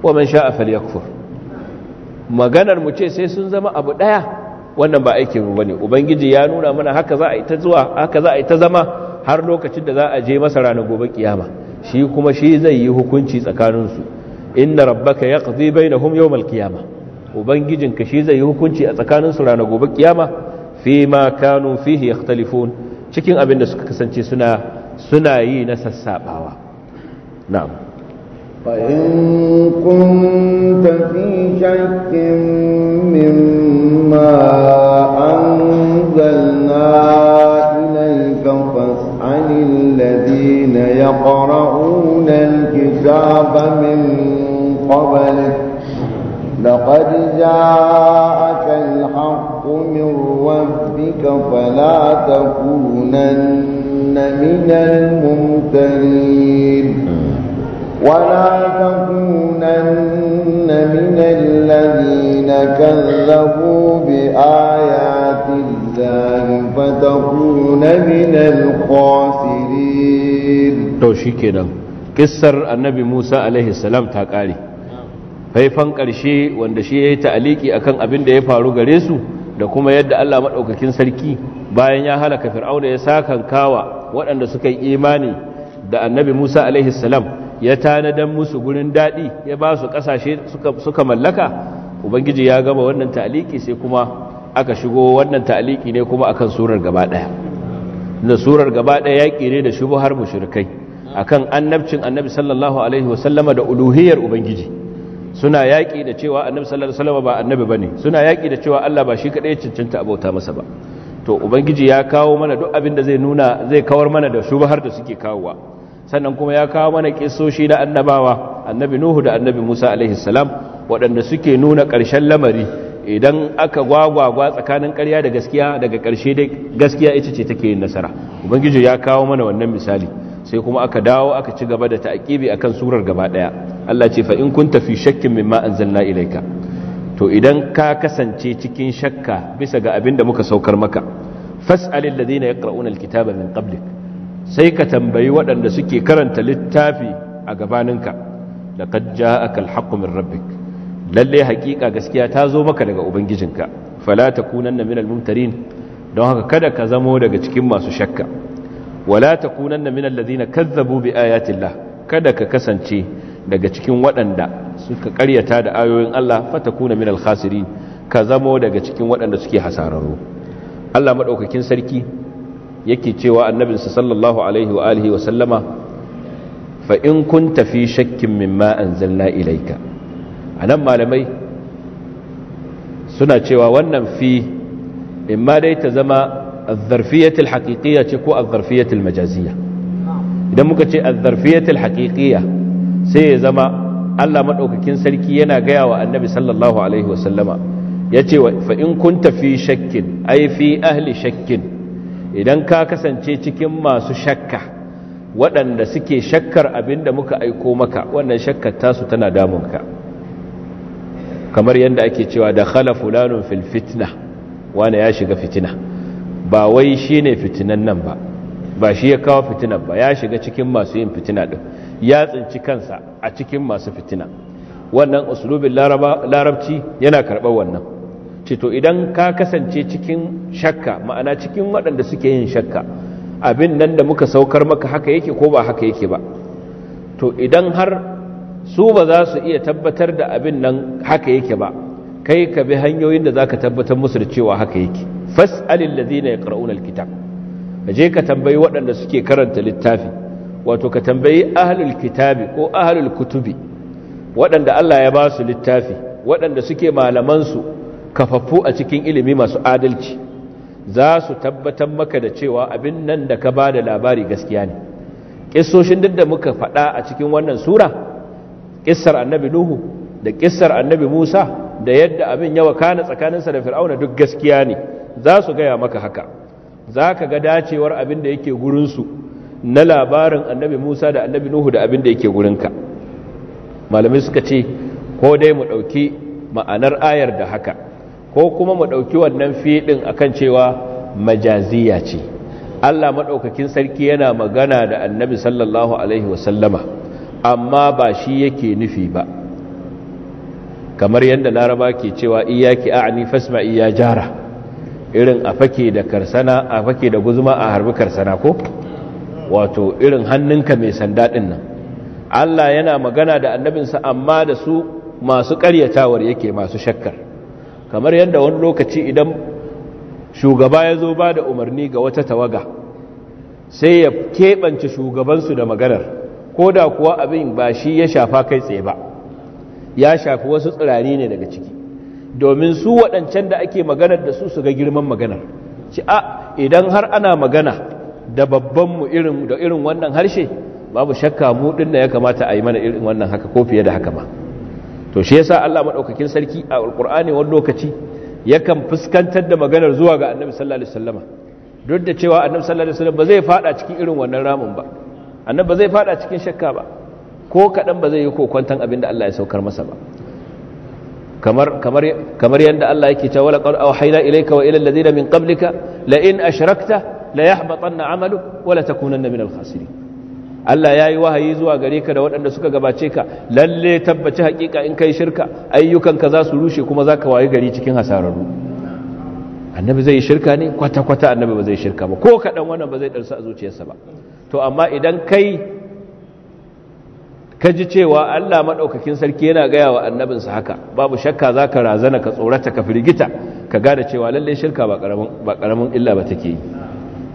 wa man sha'a falyakfur maganar mu ce sai sun zama abu ɗaya wannan ba aikin mu bane ubangiji ya nuna mana haka za a yi ta zuwa haka za a yi ta zama har lokacin da za a je masa ranar gobe kiyama shi kuma shi zai yi hukunci tsakanin su inna rabbaka yaqdi bainahum yawmal qiyama ka shi zai yi hukunci a tsakanin su ranar gobe kiyama fi ma kanu fihi yakhtalifun cikin abin da suka kasance suna suna yi na sassabawa na'am وإن كنت في شك مما أنزلنا إليك فاسأل الذين يقرؤون الكتاب من قبلك لقد جاءك الحق من ربك فلا تكونن من الممترين ولا تكونن من الذين كذبوا بآيات الله فتكون من الخاسرين to shikenan kissar annabi Musa alaihi salam ta ƙare, faifan ƙarshe wanda shi yi ta'aliki akan abin da ya faru gare su da kuma yadda Allah maɗaukakin sarki bayan ya halaka fir'auna ya sakan kawa waɗanda suka yi imani da annabi Musa alaihi salam ya tanadan musu gurin daɗi ya ba su ƙasashe suka mallaka ubangiji ya gaba wannan ta'aliki sai kuma aka shigo wannan ta'aliki ne kuma akan surar gaba ɗaya da surar gaba ɗaya yaƙi ne da har mushrikai akan annabcin annabi sallallahu alaihi wasallama da uluhiyar ubangiji suna yaƙi da cewa annabi sallallahu alaihi wasallama ba annabi bane suna yaƙi da cewa Allah ba shi kadai cancanta abauta masa ba to ubangiji ya kawo mana duk abin da zai nuna zai kawar mana da har da suke kawowa sannan kuma ya kawo mana kisoshi na annabawa annabi nuhu da annabi musa alaihi salam waɗanda suke nuna ƙarshen lamari idan aka gwagwagwa tsakanin ƙarya da gaskiya daga ƙarshe dai gaskiya ita ce take yin nasara ubangiji ya kawo mana wannan misali sai kuma aka dawo aka ci gaba da ta'aqibi akan surar gaba ɗaya. Allah ce fa in kun tafi shakkin mimma anzalna ilaika to idan ka kasance cikin shakka bisa ga abin da muka saukar maka fas'alil ladina yaqra'una alkitaba min qablik sai ka tambayi waɗanda suke karanta littafi a gabaninka da ja'aka al-haqqu min lallai haƙiƙa gaskiya ta zo maka daga ubangijinka fala takunanna min mumtarin don haka kada ka zamo daga cikin masu shakka wala takunanna min alladhina kazzabu bi ayatillah kada ka kasance daga cikin waɗanda suka ƙaryata da ayoyin Allah fatakuna min khasirin ka zamo daga cikin waɗanda suke hasararru Allah madaukakin sarki yake cewa annabinsa sallallahu alaihi wa alihi wa sallama fa in kunta fi shakkin mimma anzalna A anan malamai suna cewa wannan fi ma dai ta zama az-zarfiyatul ce ko az majaziya idan muka ce az-zarfiyatul sai ya zama Allah maɗaukakin sarki yana gaya wa annabi sallallahu alaihi wa sallama yace fa in kun tafi shakkin ai fi ahli shakkin idan ka kasance cikin masu shakka waɗanda suke shakkar abin da muka aiko maka wannan shakkar tasu tana damunka kamar yadda ake cewa da khala fulanun fil fitna wani ya shiga fitina ba wai shi ne fitinan nan ba ba shi ya kawo fitinan ba ya shiga cikin masu yin fitina ɗin ya tsinci kansa a cikin masu fitina wannan usulubin larabci yana karɓar wannan ce to idan ka kasance cikin shakka ma'ana cikin waɗanda suke yin shakka abin nan da muka saukar maka haka yake ko ba haka yake ba to idan har su ba za su iya tabbatar da abin nan haka yake ba kai ka bi hanyoyin da za ka tabbatar musu da cewa haka yake fas'alin lazina ya ƙar'un alkitab ka je ka tambayi waɗanda suke karanta littafi wato ka tambayi ahalul kitabi ko ahalul kutubi waɗanda Allah ya ba su littafi waɗanda suke malamansu Kafafu a cikin ilimi masu adalci za su tabbatar maka da cewa abin nan da ka ba da labari gaskiya ne ƙisoshin duk da muka faɗa a cikin wannan sura ƙisar annabi nuhu da ƙisar annabi musa da yadda abin yawa kana tsakaninsa da fir'auna duk gaskiya ne za su gaya maka haka za ka ga dacewar abin da yake gurinsu na labarin annabi musa da annabi nuhu da abin da yake gurinka malamai suka ce ko dai mu ɗauki ma'anar ayar da haka ko kuma mu ɗauki wannan fiɗin kan cewa majaziya ce Allah maɗaukakin sarki yana magana da annabi sallallahu alaihi wasallama amma ba shi yake nufi ba kamar yadda laraba ke cewa iyaki a'ani fasma iya jara irin a fake da karsana a fake da guzuma a harbi karsana ko wato irin hannunka mai sandaɗin nan Allah yana magana da annabinsa amma da su masu ƙaryatawar yake masu shakkar kamar yadda wani lokaci idan shugaba ya zo ba da umarni ga wata tawaga sai ya keɓance shugabansu da maganar ko da kuwa abin ba shi ya shafa kai tsaye ba ya shafi wasu tsirani ne daga ciki domin su waɗancan da ake maganar da su su ga girman maganar ci a idan har ana magana da babbanmu irin da irin wannan harshe babu shakka mu ɗin ya kamata a yi mana irin wannan haka ko fiye da haka ba to shi yasa Allah madaukakin sarki a alqur'ani wani lokaci yakan fuskantar da maganar zuwa ga annabi sallallahu alaihi wasallama duk da cewa annabi sallallahu alaihi wasallam ba zai fada cikin irin wannan ramin ba annabi ba zai fada cikin shakka ba ko kadan ba zai yi kokwantan abin da Allah ya saukar masa ba kamar kamar kamar yanda Allah yake cewa laqad awhayna ilayka wa ila alladhina min qablika la in ashrakta la yahbatanna 'amalu wa la takunanna al khasirin Allah ya yi wahayi zuwa gare ka da waɗanda suka gabace ka lalle tabbaci haƙiƙa in kai shirka ayyukanka za su rushe kuma za ka wayi gari cikin hasararru annabi zai yi shirka ne kwata-kwata annabi ba zai shirka ba ko kaɗan wannan ba zai ɗarsa a zuciyarsa ba to amma idan kai ka ji cewa Allah maɗaukakin sarki yana gaya wa annabinsa haka babu shakka za ka razana ka tsorata ka firgita ka gane cewa lalle shirka ba ƙaramin illa ba take yi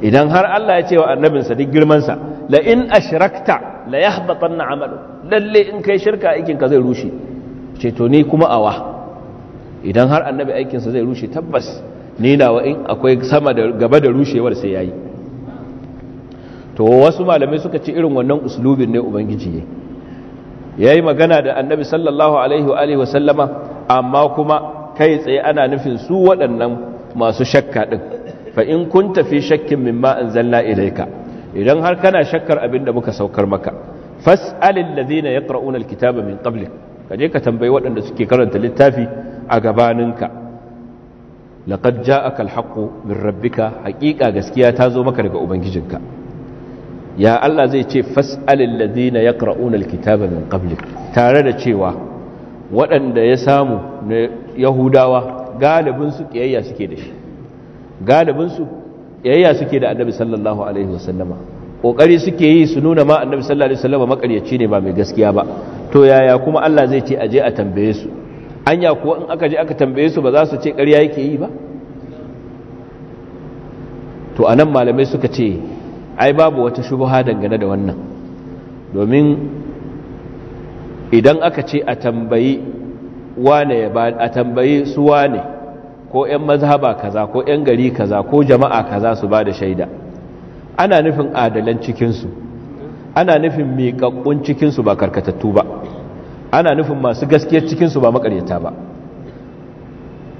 idan har Allah ya ce wa annabinsa duk girmansa la in ashrakta la yahbatan amalu lalle in kai shirka aikin ka zai rushe ce to ni kuma awa idan har annabi aikin sa zai rushe tabbas ni nawa in akwai sama da gaba da rushewar sai yayi to wasu malamai suka ce irin wannan uslubin ne ubangiji ne yayi magana da annabi sallallahu alaihi wa alihi wa sallama amma kuma kai tsaye ana nufin su waɗannan masu shakka din fa in kunta fi shakkin mimma anzalna ilayka idan har kana shakkar abin da muka saukar maka fas'alil ladhina yaqra'una alkitaba min qablik je ka tambayi waɗanda suke karanta littafi a gabaninka laqad ja'aka alhaqqu min rabbika haqiqa gaskiya ta zo maka daga ubangijinka ya Allah zai ce fas'alil ladhina yaqra'una alkitaba min qablik tare da cewa waɗanda ya samu na yahudawa galibin su kiyayya suke da shi galibin su yayya suke da annabi sallallahu alaihi wasallama kokari suke yi su nuna ma annabi sallallahu alaihi wasallama makaryaci ne ba mai gaskiya ba to yaya kuma Allah zai ce aje a tambaye su anya ko in aka je aka tambaye su ba za su ce ƙarya yake yi ba to anan malamai suka ce ai babu wata shubha dangane da wannan domin idan aka ce a tambayi wane ba a tambayi su wane ko 'yan mazhaba kaza ko 'yan gari kaza ko jama'a kaza su ba da shaida ana nufin adalan cikinsu ana nufin miƙaƙƙun cikinsu ba karkatattu ba ana nufin masu gaskiyar cikinsu ba makaryata ba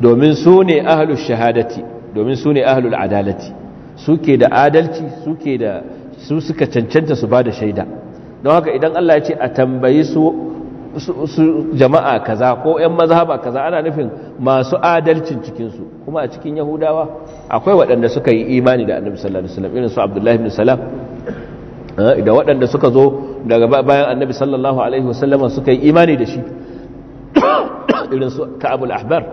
domin su ne ahalus shahadati domin su ne ahalul adalati su ke da adalci su suke da su suka cancanta su ba da shaida don haka idan Allah ya ce a tambayi su su jama'a kaza ko 'yan mazhaba kaza ana nufin masu adalcin cikinsu kuma a cikin yahudawa akwai waɗanda suka yi imani da annabi sallallahu alaihi wasallam irin su abdullahi ibn salam ah, da waɗanda suka zo daga bayan annabi sallallahu alaihi wasallam suka yi imani da shi irin su ka'abul ahbar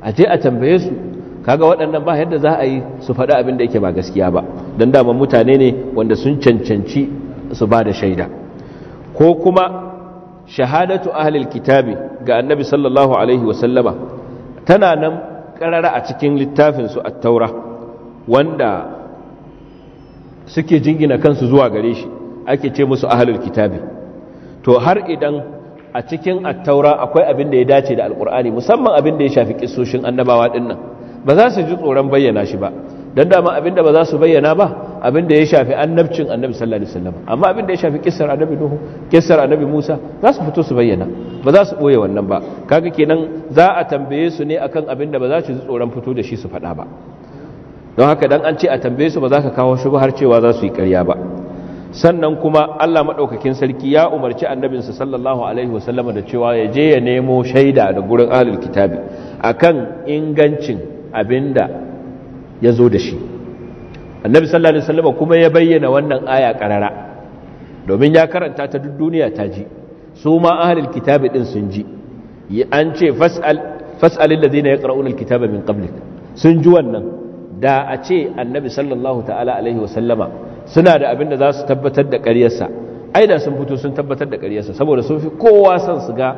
a je a tambaye su kaga waɗannan ba yadda za a yi su faɗa abin da yake ba gaskiya ba don dama mutane ne wanda sun cancanci su ba da shaida ko kuma shahadatu ahlil kitabi ga annabi sallallahu alaihi wasallama tana nan karara a cikin littafinsu a taura wanda suke jingina kansu zuwa gare shi ake ce musu ahlul kitabi to har idan a cikin attaura akwai abin da ya dace da alkur'ani musamman abin da ya shafi kissoshin annabawa dinnan ba za su ji tsoron bayyana shi ba don dama abin da ba za su bayyana ba abin da ya shafi annabcin annabi sallallahu alaihi wasallam amma abin da ya shafi kissar annabi nuhu kissar annabi musa za su fito su bayyana ba za su boye wannan ba kaga kenan za a tambaye su ne akan abin da ba za su ji tsoron fito da shi su faɗa ba don haka dan an ce a tambaye su ba za ka kawo shi ba har cewa za su yi ƙarya ba sannan kuma Allah madaukakin sarki ya umarci annabinsa sallallahu alaihi wasallam da cewa ya je ya nemo shaida da gurin ahlul kitabi akan ingancin abinda ya zo da shi annabi sallallahu alaihi wasallam kuma ya bayyana wannan aya karara domin ya karanta ta duk duniya ta ji su ma ahlul kitabi din sun ji an ce fas'al fas'alil ladina yaqra'una alkitaba min qablik sun ji wannan da a ce annabi sallallahu ta'ala alaihi wasallama suna da abin da za su tabbatar da ƙaryarsa ai da sun fito sun tabbatar da ƙaryarsa saboda sun fi kowa son su ga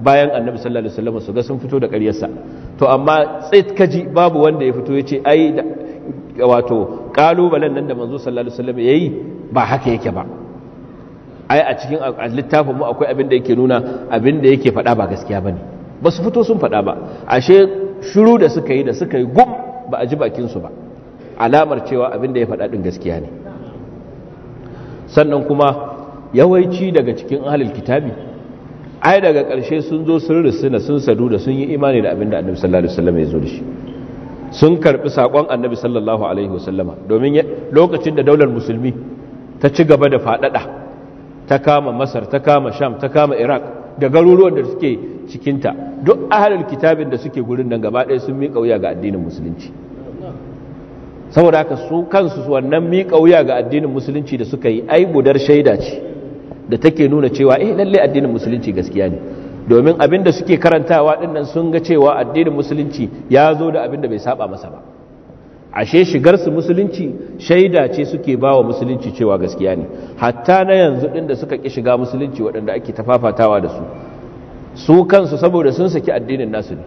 bayan annabi sallallahu alaihi wasallam su ga sun fito da ƙaryarsa to amma tsit kaji babu wanda ya fito ya ce ai wato kalubalen nan da manzo sallallahu alaihi wasallam yayi ba haka yake ba ai a cikin littafin mu akwai abin da yake nuna abin da yake faɗa ba gaskiya bane ba su fito sun faɗa ba ashe shiru da suka yi da suka yi gum ba a ji bakin su ba alamar cewa abin da ya faɗa din gaskiya ne sannan kuma yawaici daga cikin ahlul kitabi ai daga ƙarshe sun zo sun rusuna sun sadu da sun yi imani da abin da annabi sallallahu alaihi wasallam ya zo da shi sun karbi sakon annabi sallallahu alaihi wasallama domin lokacin da daular musulmi ta ci gaba da faɗaɗa ta kama masar ta kama sham ta kama iraq da garuruwan da suke cikinta duk ahalar kitabin da suke gurin nan gaba ɗaya sun miƙa wuya ga addinin musulunci saboda haka su kansu wannan miƙa wuya ga addinin musulunci da suka yi ai budar shaida ce da take nuna cewa eh lallai addinin musulunci gaskiya ne domin abin da suke karantawa dinnan sun ga cewa addinin musulunci ya zo da abin da bai saba masa ba ashe shigar su musulunci shaida ce suke bawa musulunci cewa gaskiya ne hatta na yanzu din da suka ki shiga musulunci waɗanda ake tafafatawa da su su kansu saboda sun saki addinin nasu ne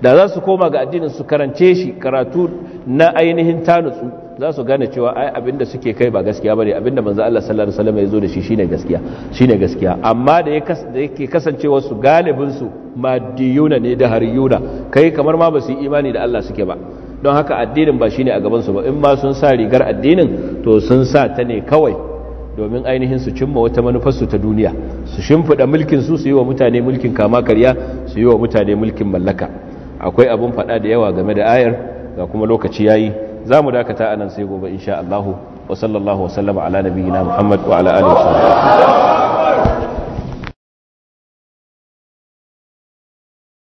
da za su koma ga addinin su karance shi karatu na ainihin tanutsu za su gane cewa ai abinda suke kai ba gaskiya bane abinda manzo Allah sallallahu alaihi wasallam ya zo da shi shine gaskiya shine gaskiya amma da yake kasancewa su galibin su madiyuna ne da haryuna kai kamar ma ba su yi imani da Allah suke ba don haka addinin ba shine a gaban su ba in ma sun sa rigar addinin to sun sa ta ne kawai domin ainihin su cimma wata manufar su ta duniya su shimfida mulkin su su yi wa mutane mulkin kama karya su yi wa mutane mulkin mallaka akwai abun faɗa da yawa game da ayar ga kuma lokaci yayi za mu dakata anan sai gobe insha Allah wa sallallahu wa sallama ala nabiyyina Muhammad wa ala alihi wa sahbihi